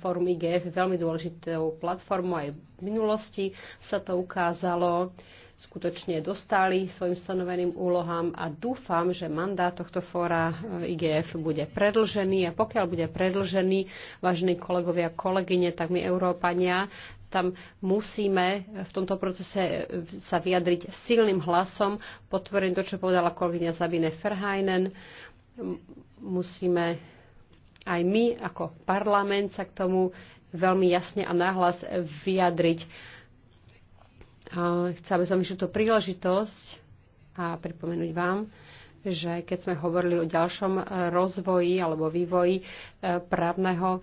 Fórum IGF je veľmi dôležitou platformou. Aj v minulosti sa to ukázalo. Skutočne dostali svojim stanoveným úlohám a dúfam, že mandát tohto fóra e, IGF bude predlžený a pokiaľ bude predlžený, vážení kolegovia a kolegyne, tak my Európania tam musíme v tomto procese e, sa vyjadriť silným hlasom. Potvorím to, čo povedala kolegyňa Sabine Ferhajnen musíme aj my ako parlament sa k tomu veľmi jasne a nahlas vyjadriť. Chcela by som vyšiť tú príležitosť a pripomenúť vám, že keď sme hovorili o ďalšom e, rozvoji alebo vývoji e, právneho e,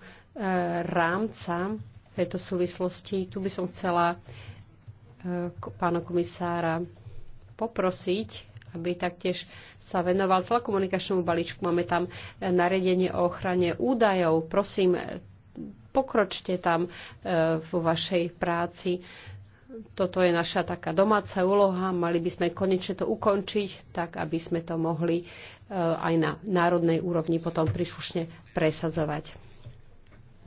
rámca v tejto súvislosti, tu by som chcela pána komisára poprosiť, aby taktiež sa venoval telekomunikačnému balíčku. Máme tam eh, naredenie o ochrane údajov. Prosím, eh, pokročte tam eh, vo vašej práci. Toto je naša taká domáca úloha. Mali by sme konečne to ukončiť, tak aby sme to mohli aj na národnej úrovni potom príslušne presadzovať.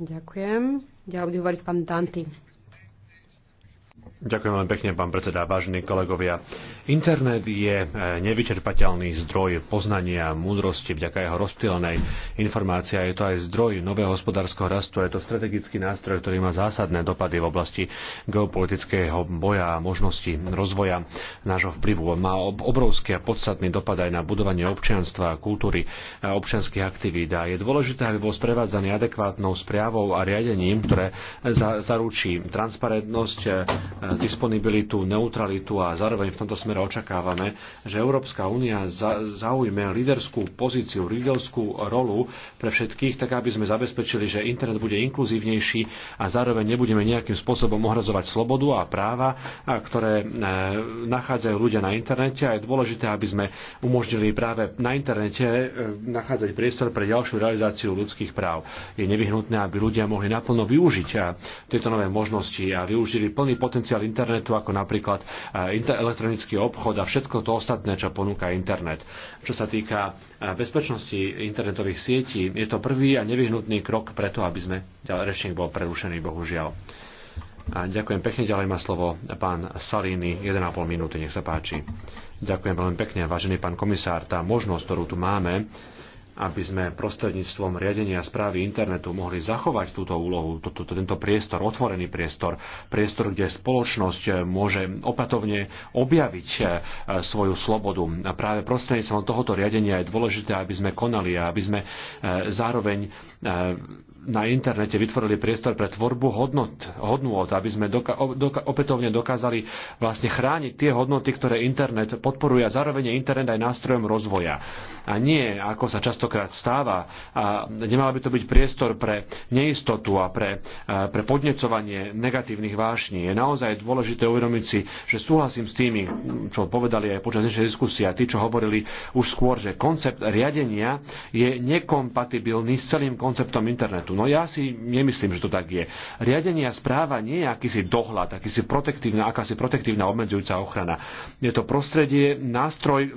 Ďakujem. Ďalej bude hovoriť pán Danty. Ďakujem veľmi pekne, pán predseda, vážení kolegovia. Internet je e, nevyčerpateľný zdroj poznania, múdrosti, vďaka jeho rozptýlenej informácii. Je to aj zdroj nového hospodárskeho rastu, je to strategický nástroj, ktorý má zásadné dopady v oblasti geopolitického boja a možnosti rozvoja nášho vplyvu. Má obrovský a podstatný dopad aj na budovanie občianstva, kultúry, a občianských aktivít a je dôležité, aby bol sprevádzaný adekvátnou správou a riadením, ktoré zaručí transparentnosť, e, disponibilitu, neutralitu a zároveň v tomto smere očakávame, že Európska únia zaujme líderskú pozíciu, líderskú rolu pre všetkých, tak aby sme zabezpečili, že internet bude inkluzívnejší a zároveň nebudeme nejakým spôsobom ohrazovať slobodu a práva, ktoré e, nachádzajú ľudia na internete a je dôležité, aby sme umožnili práve na internete e, nachádzať priestor pre ďalšiu realizáciu ľudských práv. Je nevyhnutné, aby ľudia mohli naplno využiť tieto nové možnosti a využili plný potenciál potenciál internetu, ako napríklad eh, elektronický obchod a všetko to ostatné, čo ponúka internet. Čo sa týka eh, bezpečnosti internetových sietí, je to prvý a nevyhnutný krok preto, aby sme, rečník bol prerušený, bohužiaľ. A ďakujem pekne, ďalej má slovo pán Salíny, 1,5 minúty, nech sa páči. Ďakujem veľmi pekne, vážený pán komisár, tá možnosť, ktorú tu máme, aby sme prostredníctvom riadenia správy internetu mohli zachovať túto úlohu, to, to, tento priestor, otvorený priestor, priestor, kde spoločnosť eh, môže opatovne objaviť eh, eh, svoju slobodu. A práve prostredníctvom tohoto riadenia je dôležité, aby sme konali a aby sme zároveň na internete vytvorili priestor pre tvorbu hodnot, hodnôt, aby sme doka- doka- opätovne dokázali vlastne chrániť tie hodnoty, ktoré internet podporuje a zároveň je internet aj nástrojom rozvoja. A nie, ako sa častokrát stáva, a nemal by to byť priestor pre neistotu a pre, a pre podnecovanie negatívnych vášní. Je naozaj dôležité uvedomiť si, že súhlasím s tými, čo povedali aj počas dnešnej diskusie a tí, čo hovorili už skôr, že koncept riadenia je nekompatibilný s celým konceptom internetu štátu. No ja si nemyslím, že to tak je. Riadenie a správa nie je akýsi dohľad, akýsi protektívna, akási protektívna obmedzujúca ochrana. Je to prostredie, nástroj,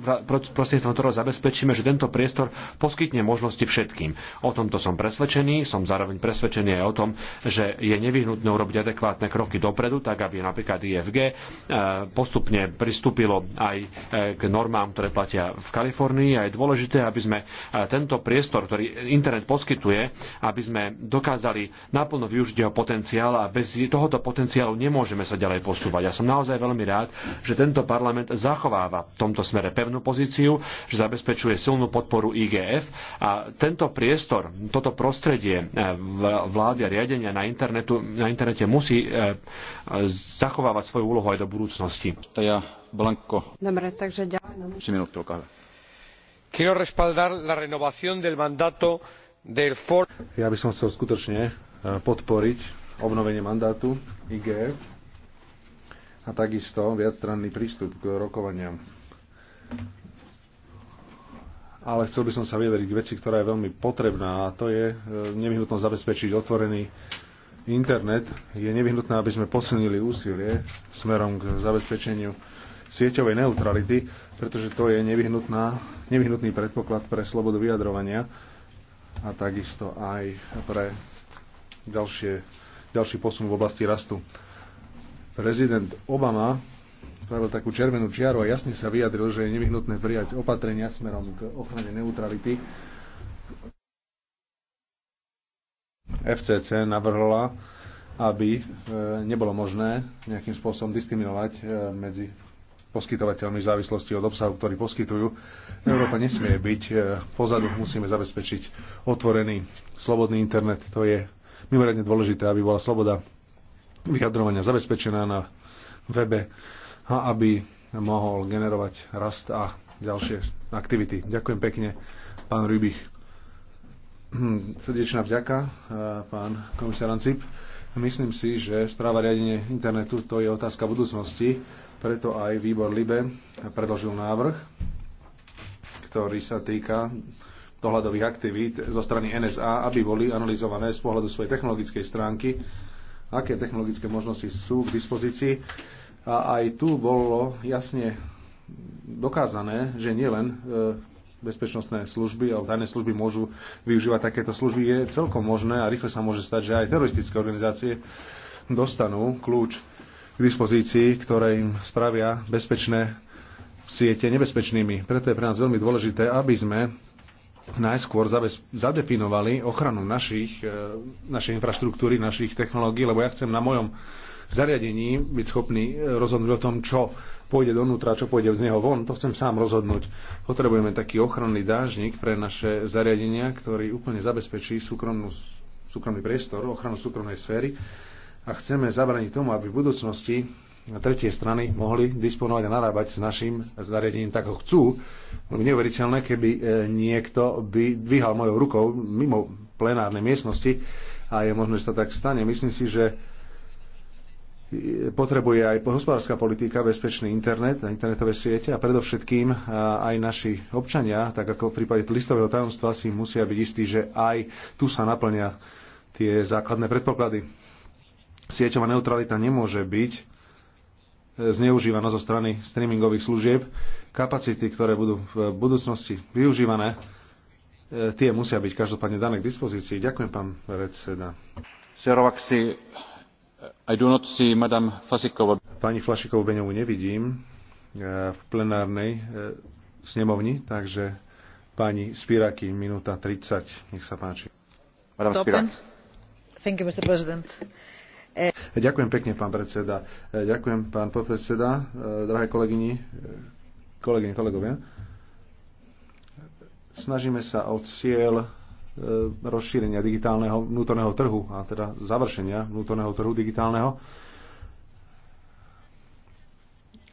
prostredstvom ktorého zabezpečíme, že tento priestor poskytne možnosti všetkým. O tomto som presvedčený, som zároveň presvedčený aj o tom, že je nevyhnutné urobiť adekvátne kroky dopredu, tak aby napríklad IFG eh, postupne pristúpilo aj eh, k normám, ktoré platia v Kalifornii a je dôležité, aby sme eh, tento priestor, ktorý internet poskytuje, aby sme sme dokázali naplno využiť jeho potenciál a bez tohoto potenciálu nemôžeme sa ďalej posúvať. Ja som naozaj veľmi rád, že tento parlament zachováva v tomto smere pevnú pozíciu, že zabezpečuje silnú podporu IGF a tento priestor, toto prostredie eh, vlády a riadenia na, internetu, na internete musí eh, zachovávať svoju úlohu aj do budúcnosti. To ja, Blanko. Dobre, takže ďalej. Quiero respaldar la renovación del mandato ja by som chcel skutočne e, podporiť obnovenie mandátu IGF a takisto viacstranný prístup k rokovaniam. Ale chcel by som sa vyjadriť k veci, ktorá je veľmi potrebná a to je e, nevyhnutno zabezpečiť otvorený internet. Je nevyhnutné, aby sme posunili úsilie smerom k zabezpečeniu sieťovej neutrality, pretože to je nevyhnutný predpoklad pre slobodu vyjadrovania a takisto aj pre ďalšie, ďalší posun v oblasti rastu. Prezident Obama spravil takú červenú čiaru a jasne sa vyjadril, že je nevyhnutné prijať opatrenia smerom k ochrane neutrality. FCC navrhla, aby e, nebolo možné nejakým spôsobom diskriminovať e, medzi poskytovateľmi v závislosti od obsahu, ktorý poskytujú. Európa nesmie byť e, pozadu, musíme zabezpečiť otvorený, slobodný internet. To je mimoriadne dôležité, aby bola sloboda vyjadrovania zabezpečená na webe a aby mohol generovať rast a ďalšie aktivity. Ďakujem pekne, pán Rybich. Srdečná vďaka, e, pán komisár Ancip. Myslím si, že správa riadenie internetu to je otázka budúcnosti preto aj výbor LIBE predložil návrh, ktorý sa týka dohľadových aktivít zo strany NSA, aby boli analyzované z pohľadu svojej technologickej stránky, aké technologické možnosti sú k dispozícii. A aj tu bolo jasne dokázané, že nielen e, bezpečnostné služby alebo tajné služby môžu využívať takéto služby, je celkom možné a rýchle sa môže stať, že aj teroristické organizácie dostanú kľúč k dispozícii, ktoré im spravia bezpečné siete nebezpečnými. Preto je pre nás veľmi dôležité, aby sme najskôr zadefinovali ochranu našich, e, našej infraštruktúry, našich technológií, lebo ja chcem na mojom zariadení byť schopný e, rozhodnúť o tom, čo pôjde donútra, čo pôjde z neho von, to chcem sám rozhodnúť. Potrebujeme taký ochranný dážnik pre naše zariadenia, ktorý úplne zabezpečí súkromnú, súkromný priestor, ochranu súkromnej sféry a chceme zabraniť tomu, aby v budúcnosti tretie strany mohli disponovať a narábať s našim zariadením tak, ho chcú. Neuveriteľné, keby e, niekto by dvíhal mojou rukou mimo plenárnej miestnosti a je možné, že sa tak stane. Myslím si, že e, potrebuje aj hospodárska politika, bezpečný internet, a internetové siete a predovšetkým e, aj naši občania, tak ako v prípade listového tajomstva, si musia byť istí, že aj tu sa naplňa tie základné predpoklady. Sieťová neutralita nemôže byť e, zneužívaná zo strany streamingových služieb. Kapacity, ktoré budú v budúcnosti využívané, e, tie musia byť každopádne dané k dispozícii. Ďakujem, pán predseda. Pani Flašikovú Beňovú nevidím e, v plenárnej snemovni, takže pani Spiraky, minúta 30, nech sa páči. Madame Spiraky. Thank you, Mr. President Ďakujem pekne, pán predseda. Ďakujem, pán podpredseda, eh, drahé kolegyni, kolegyne, kolegovia. Snažíme sa o cieľ eh, rozšírenia digitálneho vnútorného trhu, a teda završenia vnútorného trhu digitálneho.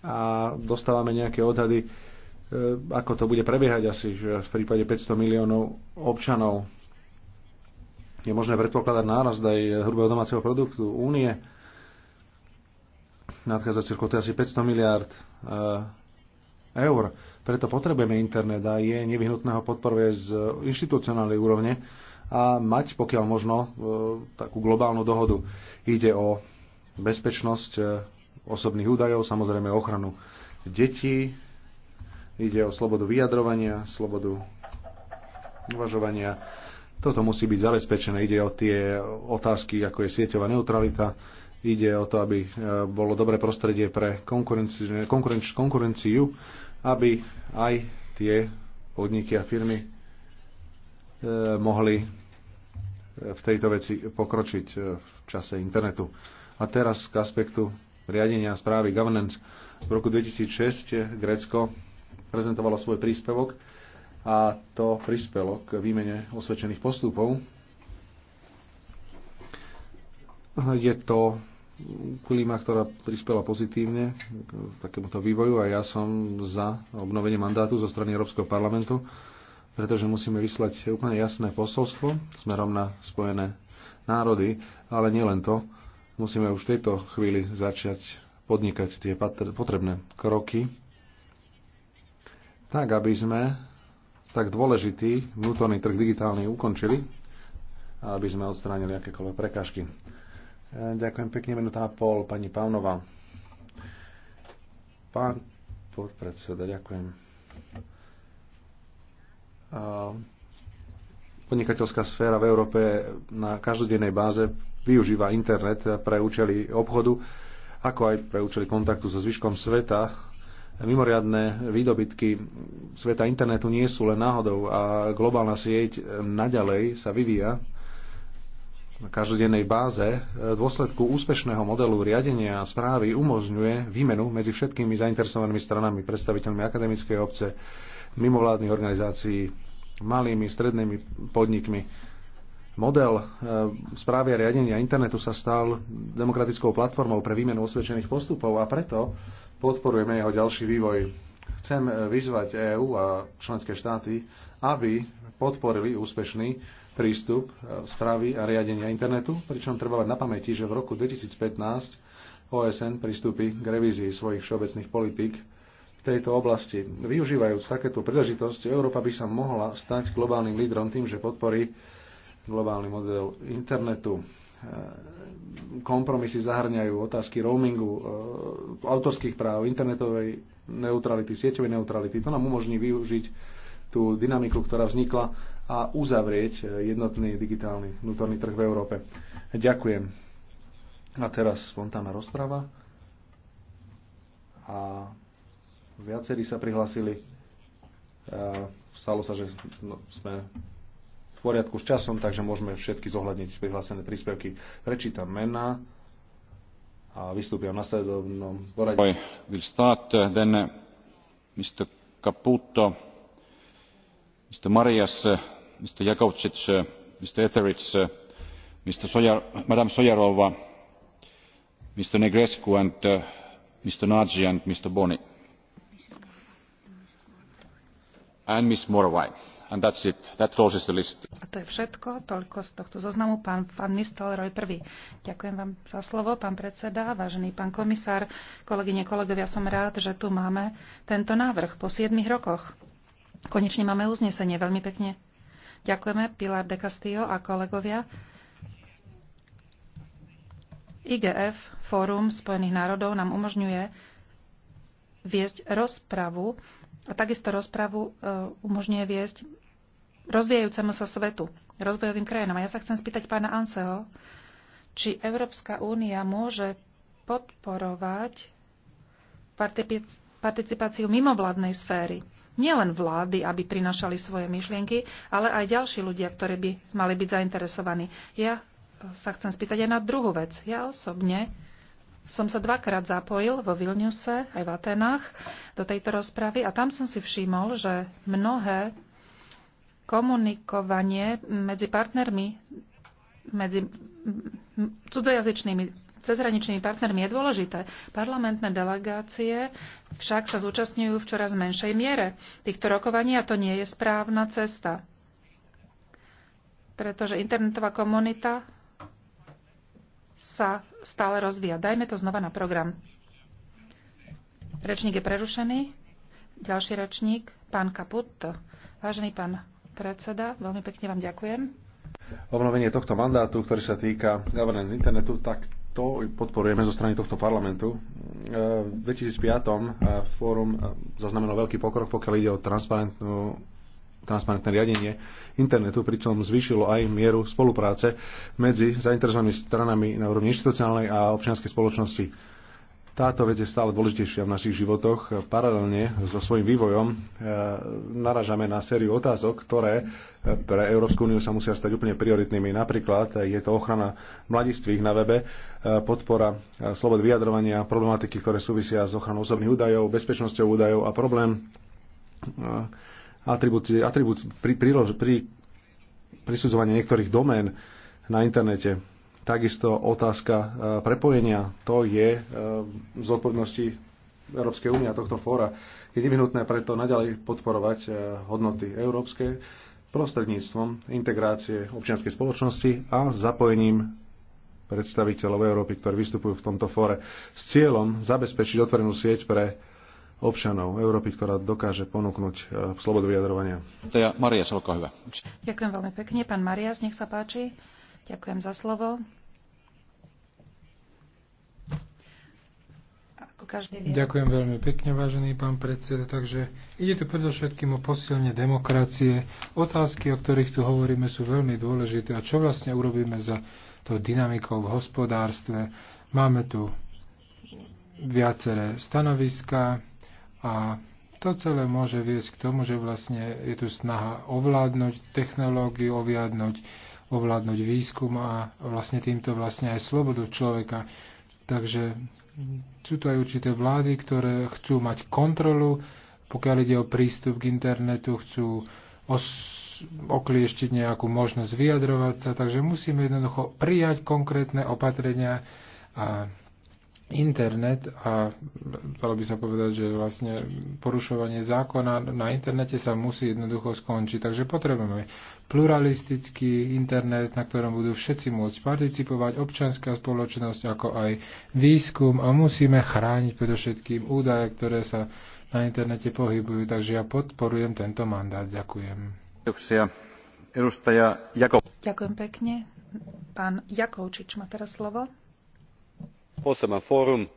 A dostávame nejaké odhady, eh, ako to bude prebiehať asi v prípade 500 miliónov občanov je možné predpokladať nárast aj hrubého domáceho produktu únie. Nadchádza cirko asi 500 miliárd eh, eur. Preto potrebujeme internet a je nevyhnutné ho podporuje z inštitucionálnej úrovne a mať pokiaľ možno eh, takú globálnu dohodu. Ide o bezpečnosť eh, osobných údajov, samozrejme ochranu detí, ide o slobodu vyjadrovania, slobodu uvažovania toto musí byť zabezpečené. Ide o tie otázky, ako je sieťová neutralita, ide o to, aby e, bolo dobré prostredie pre konkurenci, konkurenciu, aby aj tie podniky a firmy e, mohli e, v tejto veci pokročiť v čase internetu. A teraz k aspektu riadenia správy governance. V roku 2006 Grécko prezentovalo svoj príspevok a to prispelo k výmene osvedčených postupov. Je to klíma, ktorá prispela pozitívne k takémuto vývoju a ja som za obnovenie mandátu zo strany Európskeho parlamentu, pretože musíme vyslať úplne jasné posolstvo smerom na Spojené národy, ale nielen to. Musíme už v tejto chvíli začať podnikať tie potrebné kroky, tak aby sme tak dôležitý vnútorný trh digitálny ukončili, aby sme odstránili akékoľvek prekážky. E, ďakujem pekne, minúta a pol, pani pánova. Pán podpredseda, ďakujem. E, podnikateľská sféra v Európe na každodennej báze využíva internet pre účely obchodu, ako aj pre účely kontaktu so zvyškom sveta mimoriadné výdobytky sveta internetu nie sú len náhodou a globálna sieť naďalej sa vyvíja na každodennej báze. V dôsledku úspešného modelu riadenia a správy umožňuje výmenu medzi všetkými zainteresovanými stranami, predstaviteľmi akademickej obce, mimovládnych organizácií, malými, strednými podnikmi, model eh, správy a riadenia internetu sa stal demokratickou platformou pre výmenu osvedčených postupov a preto podporujeme jeho ďalší vývoj. Chcem e, vyzvať EÚ a členské štáty, aby podporili úspešný prístup e, správy a riadenia internetu, pričom treba mať na pamäti, že v roku 2015 OSN pristúpi k revízii svojich všeobecných politík v tejto oblasti. Využívajúc takéto príležitosť, Európa by sa mohla stať globálnym lídrom tým, že podporí globálny model internetu kompromisy zahrňajú otázky roamingu, e, autorských práv, internetovej neutrality, sieťovej neutrality. To nám umožní využiť tú dynamiku, ktorá vznikla a uzavrieť e, jednotný digitálny vnútorný trh v Európe. Ďakujem. A teraz spontánna rozprava. A viacerí sa prihlasili. E, stalo sa, že no, sme v poriadku s časom, takže môžeme všetky zohľadniť prihlásené príspevky. Prečítam mena a vystúpia v nasledovnom poradí. Will start eh, then eh, Mr. Caputo, Mr. Marias, eh, Mr. Jakovčić, Mr. Etheridge, Mr. Sojar, Madame Sojarova, Mr. Negrescu and uh, Mr. Nagy and Mr. Boni. And Ms. Morvai. And that's it. That closes the list. A to je všetko. Toľko z tohto zoznamu. Pán Van Nistelrooy prvý. Ďakujem vám za slovo, pán predseda, vážený pán komisár, kolegyne, kolegovia. Som rád, že tu máme tento návrh po 7 rokoch. Konečne máme uznesenie. Veľmi pekne. Ďakujeme Pilar de Castillo a kolegovia. IGF, Fórum Spojených národov, nám umožňuje viesť rozpravu a takisto rozpravu e, umožňuje viesť rozvíjajúcemu sa svetu, rozvojovým krajinám. A ja sa chcem spýtať pána Anseho, či Európska únia môže podporovať participáciu mimovládnej sféry. Nielen vlády, aby prinašali svoje myšlienky, ale aj ďalší ľudia, ktorí by mali byť zainteresovaní. Ja sa chcem spýtať aj na druhú vec. Ja osobne som sa dvakrát zapojil vo Vilniuse, aj v Atenách, do tejto rozpravy a tam som si všimol, že mnohé komunikovanie medzi partnermi, medzi cudzojazyčnými cezhraničnými partnermi je dôležité. Parlamentné delegácie však sa zúčastňujú v čoraz menšej miere týchto rokovaní a to nie je správna cesta. Pretože internetová komunita sa stále rozvíja. Dajme to znova na program. Rečník je prerušený. Ďalší rečník, pán Kaput. Vážený pán predseda. Veľmi pekne vám ďakujem. Obnovenie tohto mandátu, ktorý sa týka governance internetu, tak to podporujeme zo strany tohto parlamentu. V 2005. Eh, fórum eh, zaznamenalo veľký pokrok, pokiaľ ide o transparentnú transparentné riadenie internetu, pričom zvýšilo aj mieru spolupráce medzi zainteresovanými stranami na úrovni inštitucionálnej a občianskej spoločnosti táto vec je stále dôležitejšia v našich životoch. Paralelne so svojím vývojom e, naražame na sériu otázok, ktoré e, pre Európsku úniu sa musia stať úplne prioritnými. Napríklad e, je to ochrana mladistvých na webe, podpora slobod vyjadrovania, problematiky, ktoré súvisia s ochranou osobných údajov, bezpečnosťou údajov a problém atribúcie, atribúcie, pri, pri, pri, prisudzovanie niektorých domén na internete. Takisto otázka e, prepojenia, to je e, z odpovednosti Európskej únie a tohto fóra. Je nevyhnutné preto naďalej podporovať e, hodnoty európske prostredníctvom integrácie občianskej spoločnosti a zapojením predstaviteľov Európy, ktorí vystupujú v tomto fóre, s cieľom zabezpečiť otvorenú sieť pre občanov Európy, ktorá dokáže ponúknuť slobodu vyjadrovania. To je Solkohyva. Ďakujem veľmi pekne. Pán Marias, nech sa páči. Ďakujem za slovo. ako každý vie. Ďakujem veľmi pekne, vážený pán predseda. Takže ide tu predovšetkým o posilne demokracie. Otázky, o ktorých tu hovoríme, sú veľmi dôležité. A čo vlastne urobíme za to dynamikou v hospodárstve? Máme tu viaceré stanoviska a to celé môže viesť k tomu, že vlastne je tu snaha ovládnuť technológiu, ovládnuť, ovládnuť výskum a vlastne týmto vlastne aj slobodu človeka. Takže sú tu aj určité vlády, ktoré chcú mať kontrolu, pokiaľ ide o prístup k internetu, chcú oklieštiť nejakú možnosť vyjadrovať sa, takže musíme jednoducho prijať konkrétne opatrenia a internet a dalo by sa povedať, že vlastne porušovanie zákona na internete sa musí jednoducho skončiť. Takže potrebujeme pluralistický internet, na ktorom budú všetci môcť participovať, občanská spoločnosť, ako aj výskum a musíme chrániť predovšetkým údaje, ktoré sa na internete pohybujú. Takže ja podporujem tento mandát. Ďakujem. Ďakujem pekne. Pán Jakovčič má teraz slovo poseban fórum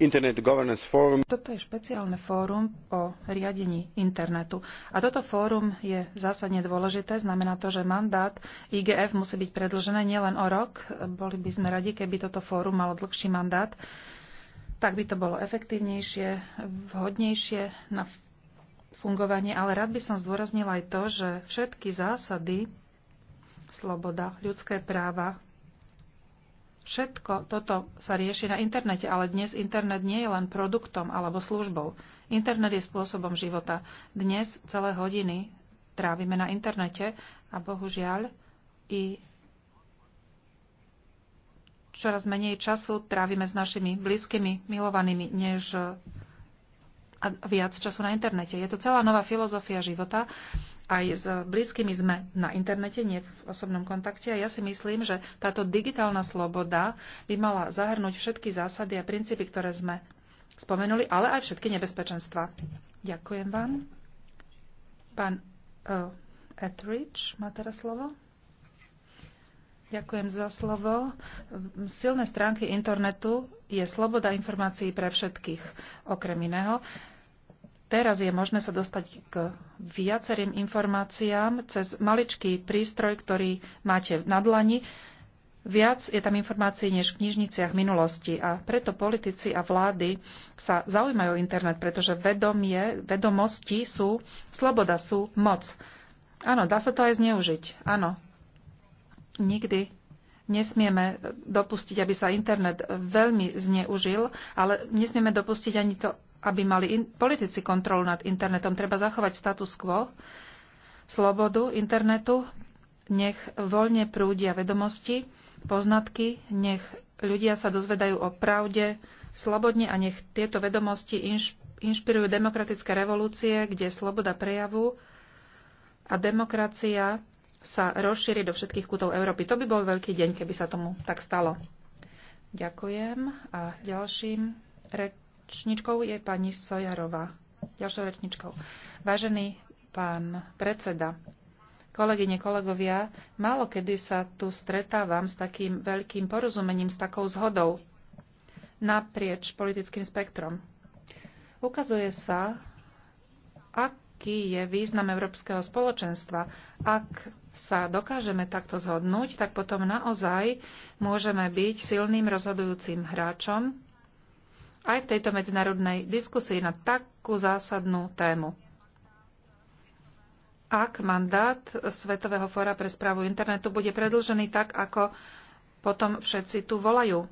Internet Governance Forum. Toto je špeciálne fórum o riadení internetu. A toto fórum je zásadne dôležité. Znamená to, že mandát IGF musí byť predlžené nielen o rok. Boli by sme radi, keby toto fórum malo dlhší mandát. Tak by to bolo efektívnejšie, vhodnejšie na fungovanie. Ale rád by som zdôraznila aj to, že všetky zásady, sloboda, ľudské práva, Všetko toto sa rieši na internete, ale dnes internet nie je len produktom alebo službou. Internet je spôsobom života. Dnes celé hodiny trávime na internete a bohužiaľ i čoraz menej času trávime s našimi blízkymi, milovanými, než a viac času na internete. Je to celá nová filozofia života aj s blízkymi sme na internete, nie v osobnom kontakte. A ja si myslím, že táto digitálna sloboda by mala zahrnúť všetky zásady a princípy, ktoré sme spomenuli, ale aj všetky nebezpečenstva. Ďakujem vám. Pán uh, Etheridge má teraz slovo. Ďakujem za slovo. Silné stránky internetu je sloboda informácií pre všetkých, okrem iného. Uh, Teraz je možné sa dostať k viacerým informáciám cez maličký prístroj, ktorý máte na dlani. Viac je tam informácií než v knižniciach minulosti a preto politici a vlády sa zaujímajú internet, pretože vedomie, vedomosti sú, sloboda sú moc. Áno, dá sa to aj zneužiť. Áno. Nikdy nesmieme dopustiť, aby sa internet veľmi zneužil, ale nesmieme dopustiť ani to, aby mali in- politici kontrolu nad internetom. Treba zachovať status quo, slobodu internetu, nech voľne prúdia vedomosti, poznatky, nech ľudia sa dozvedajú o pravde slobodne a nech tieto vedomosti inš- inšpirujú demokratické revolúcie, kde sloboda prejavu a demokracia sa rozšíri do všetkých kútov Európy. To by bol veľký deň, keby sa tomu tak stalo. Ďakujem a ďalším rek- rečničkou je pani Sojarová. Ďalšou rečničkou. Vážený pán predseda, kolegyne, kolegovia, málo kedy sa tu stretávam s takým veľkým porozumením, s takou zhodou naprieč politickým spektrom. Ukazuje sa, aký je význam Európskeho spoločenstva. Ak sa dokážeme takto zhodnúť, tak potom naozaj môžeme byť silným rozhodujúcim hráčom aj v tejto medzinárodnej diskusii na takú zásadnú tému. Ak mandát Svetového fóra pre správu internetu bude predlžený tak, ako potom všetci tu volajú.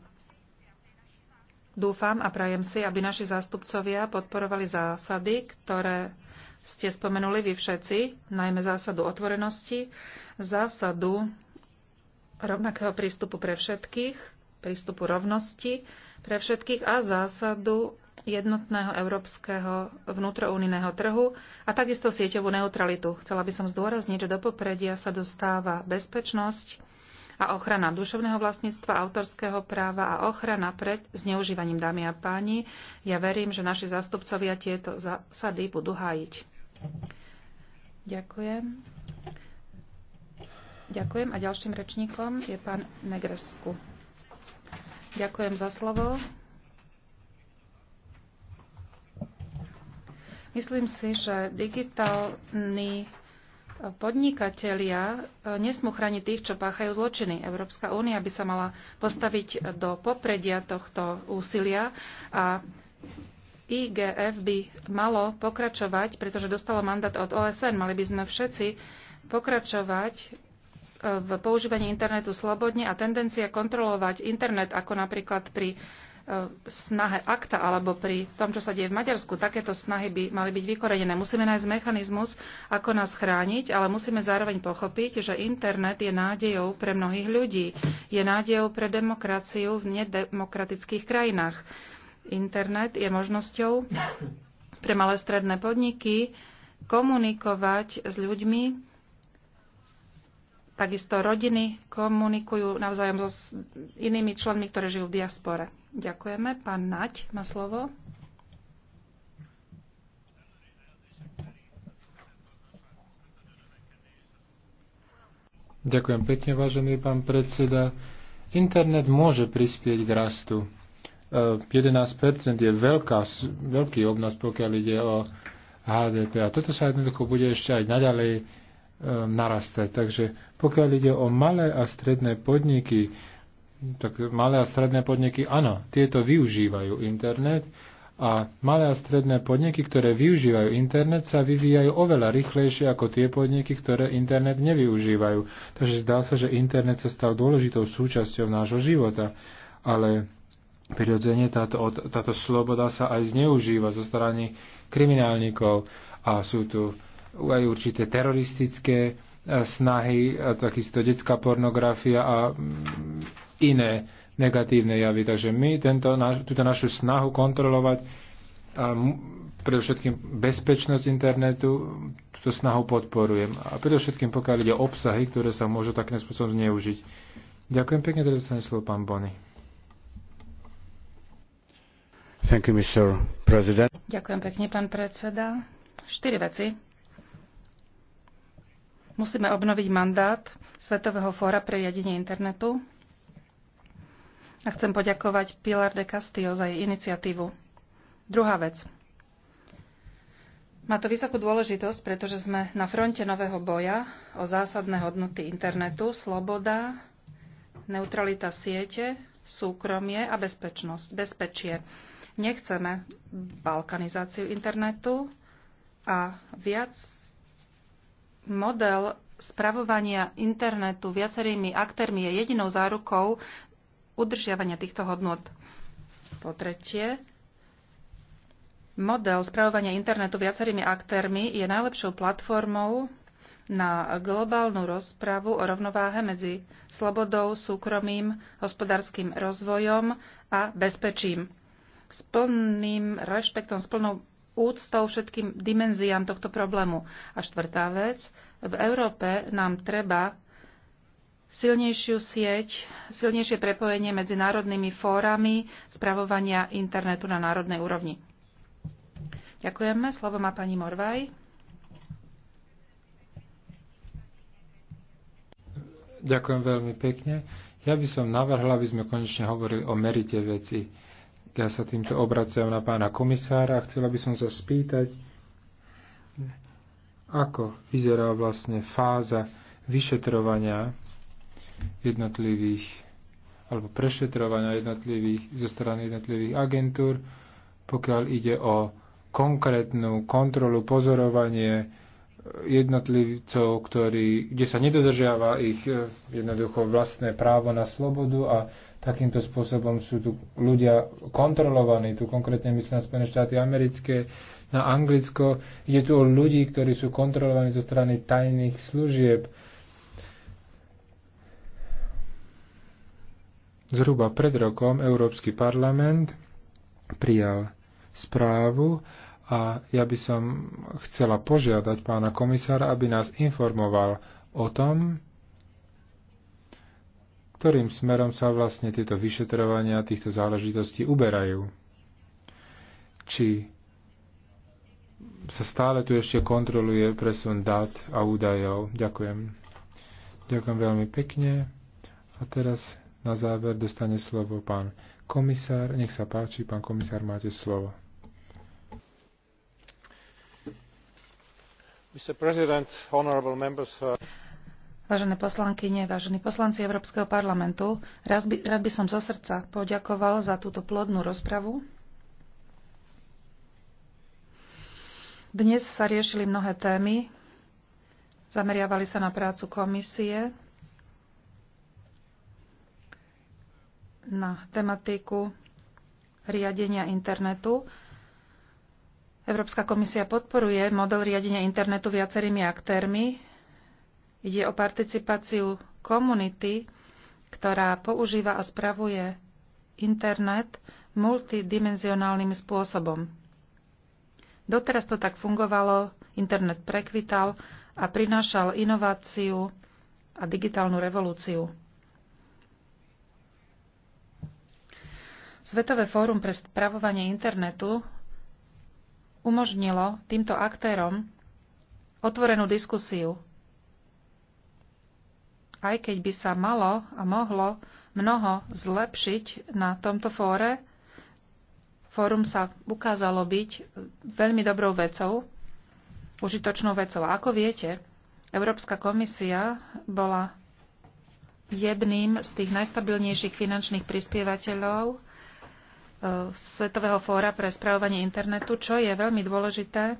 Dúfam a prajem si, aby naši zástupcovia podporovali zásady, ktoré ste spomenuli vy všetci, najmä zásadu otvorenosti, zásadu rovnakého prístupu pre všetkých, prístupu rovnosti, pre všetkých a zásadu jednotného európskeho vnútrounijného trhu a takisto sieťovú neutralitu. Chcela by som zdôrazniť, že do popredia sa dostáva bezpečnosť a ochrana duševného vlastníctva, autorského práva a ochrana pred zneužívaním dámy a páni. Ja verím, že naši zástupcovia tieto zásady budú hájiť. Ďakujem. Ďakujem a ďalším rečníkom je pán Negresku. Ďakujem za slovo. Myslím si, že digitálni podnikatelia e, nesmú chrániť tých, čo páchajú zločiny. Európska únia by sa mala postaviť do popredia tohto úsilia a IGF by malo pokračovať, pretože dostalo mandát od OSN. Mali by sme všetci pokračovať v používaní internetu slobodne a tendencia kontrolovať internet, ako napríklad pri e, snahe akta alebo pri tom, čo sa deje v Maďarsku, takéto snahy by mali byť vykorenené. Musíme nájsť mechanizmus, ako nás chrániť, ale musíme zároveň pochopiť, že internet je nádejou pre mnohých ľudí. Je nádejou pre demokraciu v nedemokratických krajinách. Internet je možnosťou pre malé stredné podniky komunikovať s ľuďmi, Takisto rodiny komunikujú navzájom so inými členmi, ktorí žijú v diaspore. Ďakujeme. Pán Naď má slovo. Ďakujem pekne, vážený pán predseda. Internet môže prispieť k rastu. 11% e, je veľká, veľký obnos, pokiaľ ide o HDP. A toto sa jednoducho bude ešte aj naďalej Um, narastať. Takže pokiaľ ide o malé a stredné podniky, tak malé a stredné podniky, áno, tieto využívajú internet a malé a stredné podniky, ktoré využívajú internet, sa vyvíjajú oveľa rýchlejšie ako tie podniky, ktoré internet nevyužívajú. Takže zdá sa, že internet sa stal dôležitou súčasťou nášho života, ale prirodzene táto, táto sloboda sa aj zneužíva zo strany kriminálnikov a sú tu aj určité teroristické e, snahy, a takisto detská pornografia a mm, iné negatívne javy. Takže my tento, túto našu snahu kontrolovať a predovšetkým bezpečnosť internetu, túto snahu podporujem. A predovšetkým pokiaľ ide obsahy, ktoré sa môžu takým spôsobom zneužiť. Ďakujem pekne, teraz sa slovo pán Bony. Thank you, Mr. President. Ďakujem pekne, pán predseda. Štyri veci Musíme obnoviť mandát Svetového fóra pre riadenie internetu. A chcem poďakovať Pilar de Castillo za jej iniciatívu. Druhá vec. Má to vysokú dôležitosť, pretože sme na fronte nového boja o zásadné hodnoty internetu, sloboda, neutralita siete, súkromie a bezpečnosť, bezpečie. Nechceme balkanizáciu internetu a viac model spravovania internetu viacerými aktérmi je jedinou zárukou udržiavania týchto hodnot. Po tretie, model spravovania internetu viacerými aktérmi je najlepšou platformou na globálnu rozpravu o rovnováhe medzi slobodou, súkromím, hospodárskym rozvojom a bezpečím. S plným rešpektom, s plnou úctou všetkým dimenziám tohto problému. A štvrtá vec, v Európe nám treba silnejšiu sieť, silnejšie prepojenie medzi národnými fórami spravovania internetu na národnej úrovni. Ďakujeme. Slovo má pani Morvaj. Ďakujem veľmi pekne. Ja by som navrhla, aby sme konečne hovorili o merite veci ja sa týmto obraciam na pána komisára a chcela by som sa spýtať, ako vyzerá vlastne fáza vyšetrovania jednotlivých alebo prešetrovania jednotlivých zo strany jednotlivých agentúr, pokiaľ ide o konkrétnu kontrolu, pozorovanie jednotlivcov, ktorí, kde sa nedodržiava ich eh, jednoducho vlastné právo na slobodu a Takýmto spôsobom sú tu ľudia kontrolovaní, tu konkrétne myslím na Spojené štáty americké, na Anglicko. Je tu o ľudí, ktorí sú kontrolovaní zo strany tajných služieb. Zhruba pred rokom Európsky parlament prijal správu a ja by som chcela požiadať pána komisára, aby nás informoval o tom, ktorým smerom sa vlastne tieto vyšetrovania týchto záležitostí uberajú. Či sa stále tu ešte kontroluje presun dát a údajov. Ďakujem. Ďakujem veľmi pekne. A teraz na záver dostane slovo pán komisár. Nech sa páči, pán komisár, máte slovo. Mr. President, honorable members, uh... Vážené poslankyne, vážení poslanci Európskeho parlamentu, rád by, rád by som zo srdca poďakoval za túto plodnú rozpravu. Dnes sa riešili mnohé témy. Zameriavali sa na prácu komisie, na tematiku riadenia internetu. Európska komisia podporuje model riadenia internetu viacerými aktérmi, Ide o participáciu komunity, ktorá používa a spravuje internet multidimenzionálnym spôsobom. Doteraz to tak fungovalo, internet prekvital a prinášal inováciu a digitálnu revolúciu. Svetové fórum pre spravovanie internetu umožnilo týmto aktérom otvorenú diskusiu aj keď by sa malo a mohlo mnoho zlepšiť na tomto fóre, fórum sa ukázalo byť veľmi dobrou vecou, užitočnou vecou. A ako viete, Európska komisia bola jedným z tých najstabilnejších finančných prispievateľov e, Svetového fóra pre spravovanie internetu, čo je veľmi dôležité,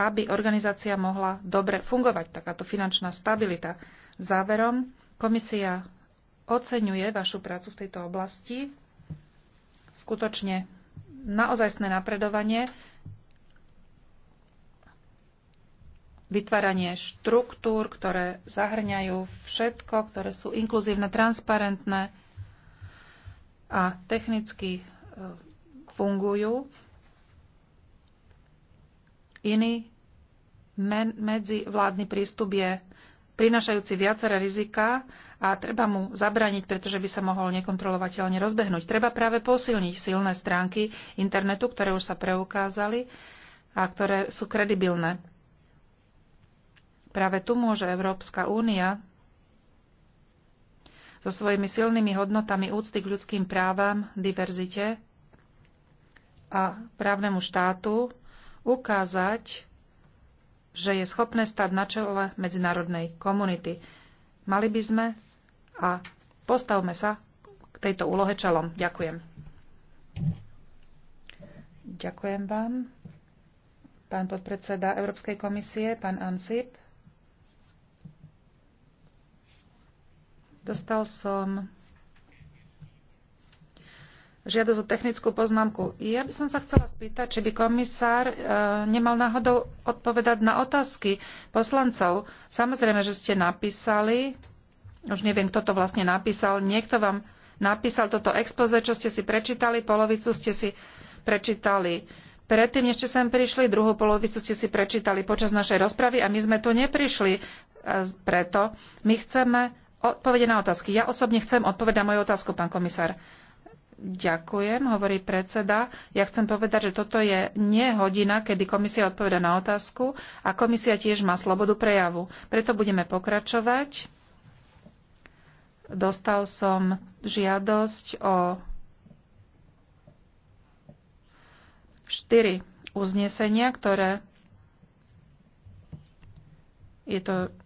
aby organizácia mohla dobre fungovať, takáto finančná stabilita. Záverom, komisia oceňuje vašu prácu v tejto oblasti. Skutočne naozajstné napredovanie, vytváranie štruktúr, ktoré zahrňajú všetko, ktoré sú inkluzívne, transparentné a technicky e, fungujú. Iný medzivládny prístup je prinášajúci viaceré rizika a treba mu zabrániť, pretože by sa mohol nekontrolovateľne rozbehnúť. Treba práve posilniť silné stránky internetu, ktoré už sa preukázali a ktoré sú kredibilné. Práve tu môže Európska únia so svojimi silnými hodnotami úcty k ľudským právam, diverzite a právnemu štátu ukázať že je schopné stať na čele medzinárodnej komunity. Mali by sme a postavme sa k tejto úlohe čelom. Ďakujem. Ďakujem vám. Pán podpredseda Európskej komisie, pán Ansip. Dostal som žiadosť o technickú poznámku. Ja by som sa chcela spýtať, či by komisár e, nemal náhodou odpovedať na otázky poslancov. Samozrejme, že ste napísali, už neviem, kto to vlastne napísal, niekto vám napísal toto expoze, čo ste si prečítali, polovicu ste si prečítali. Predtým, než ste sem prišli, druhú polovicu ste si prečítali počas našej rozpravy a my sme tu neprišli e, preto. My chceme odpovede na otázky. Ja osobne chcem odpovedať na moju otázku, pán komisár. Ďakujem, hovorí predseda. Ja chcem povedať, že toto je nie hodina, kedy komisia odpoveda na otázku a komisia tiež má slobodu prejavu. Preto budeme pokračovať. Dostal som žiadosť o 4 uznesenia, ktoré je to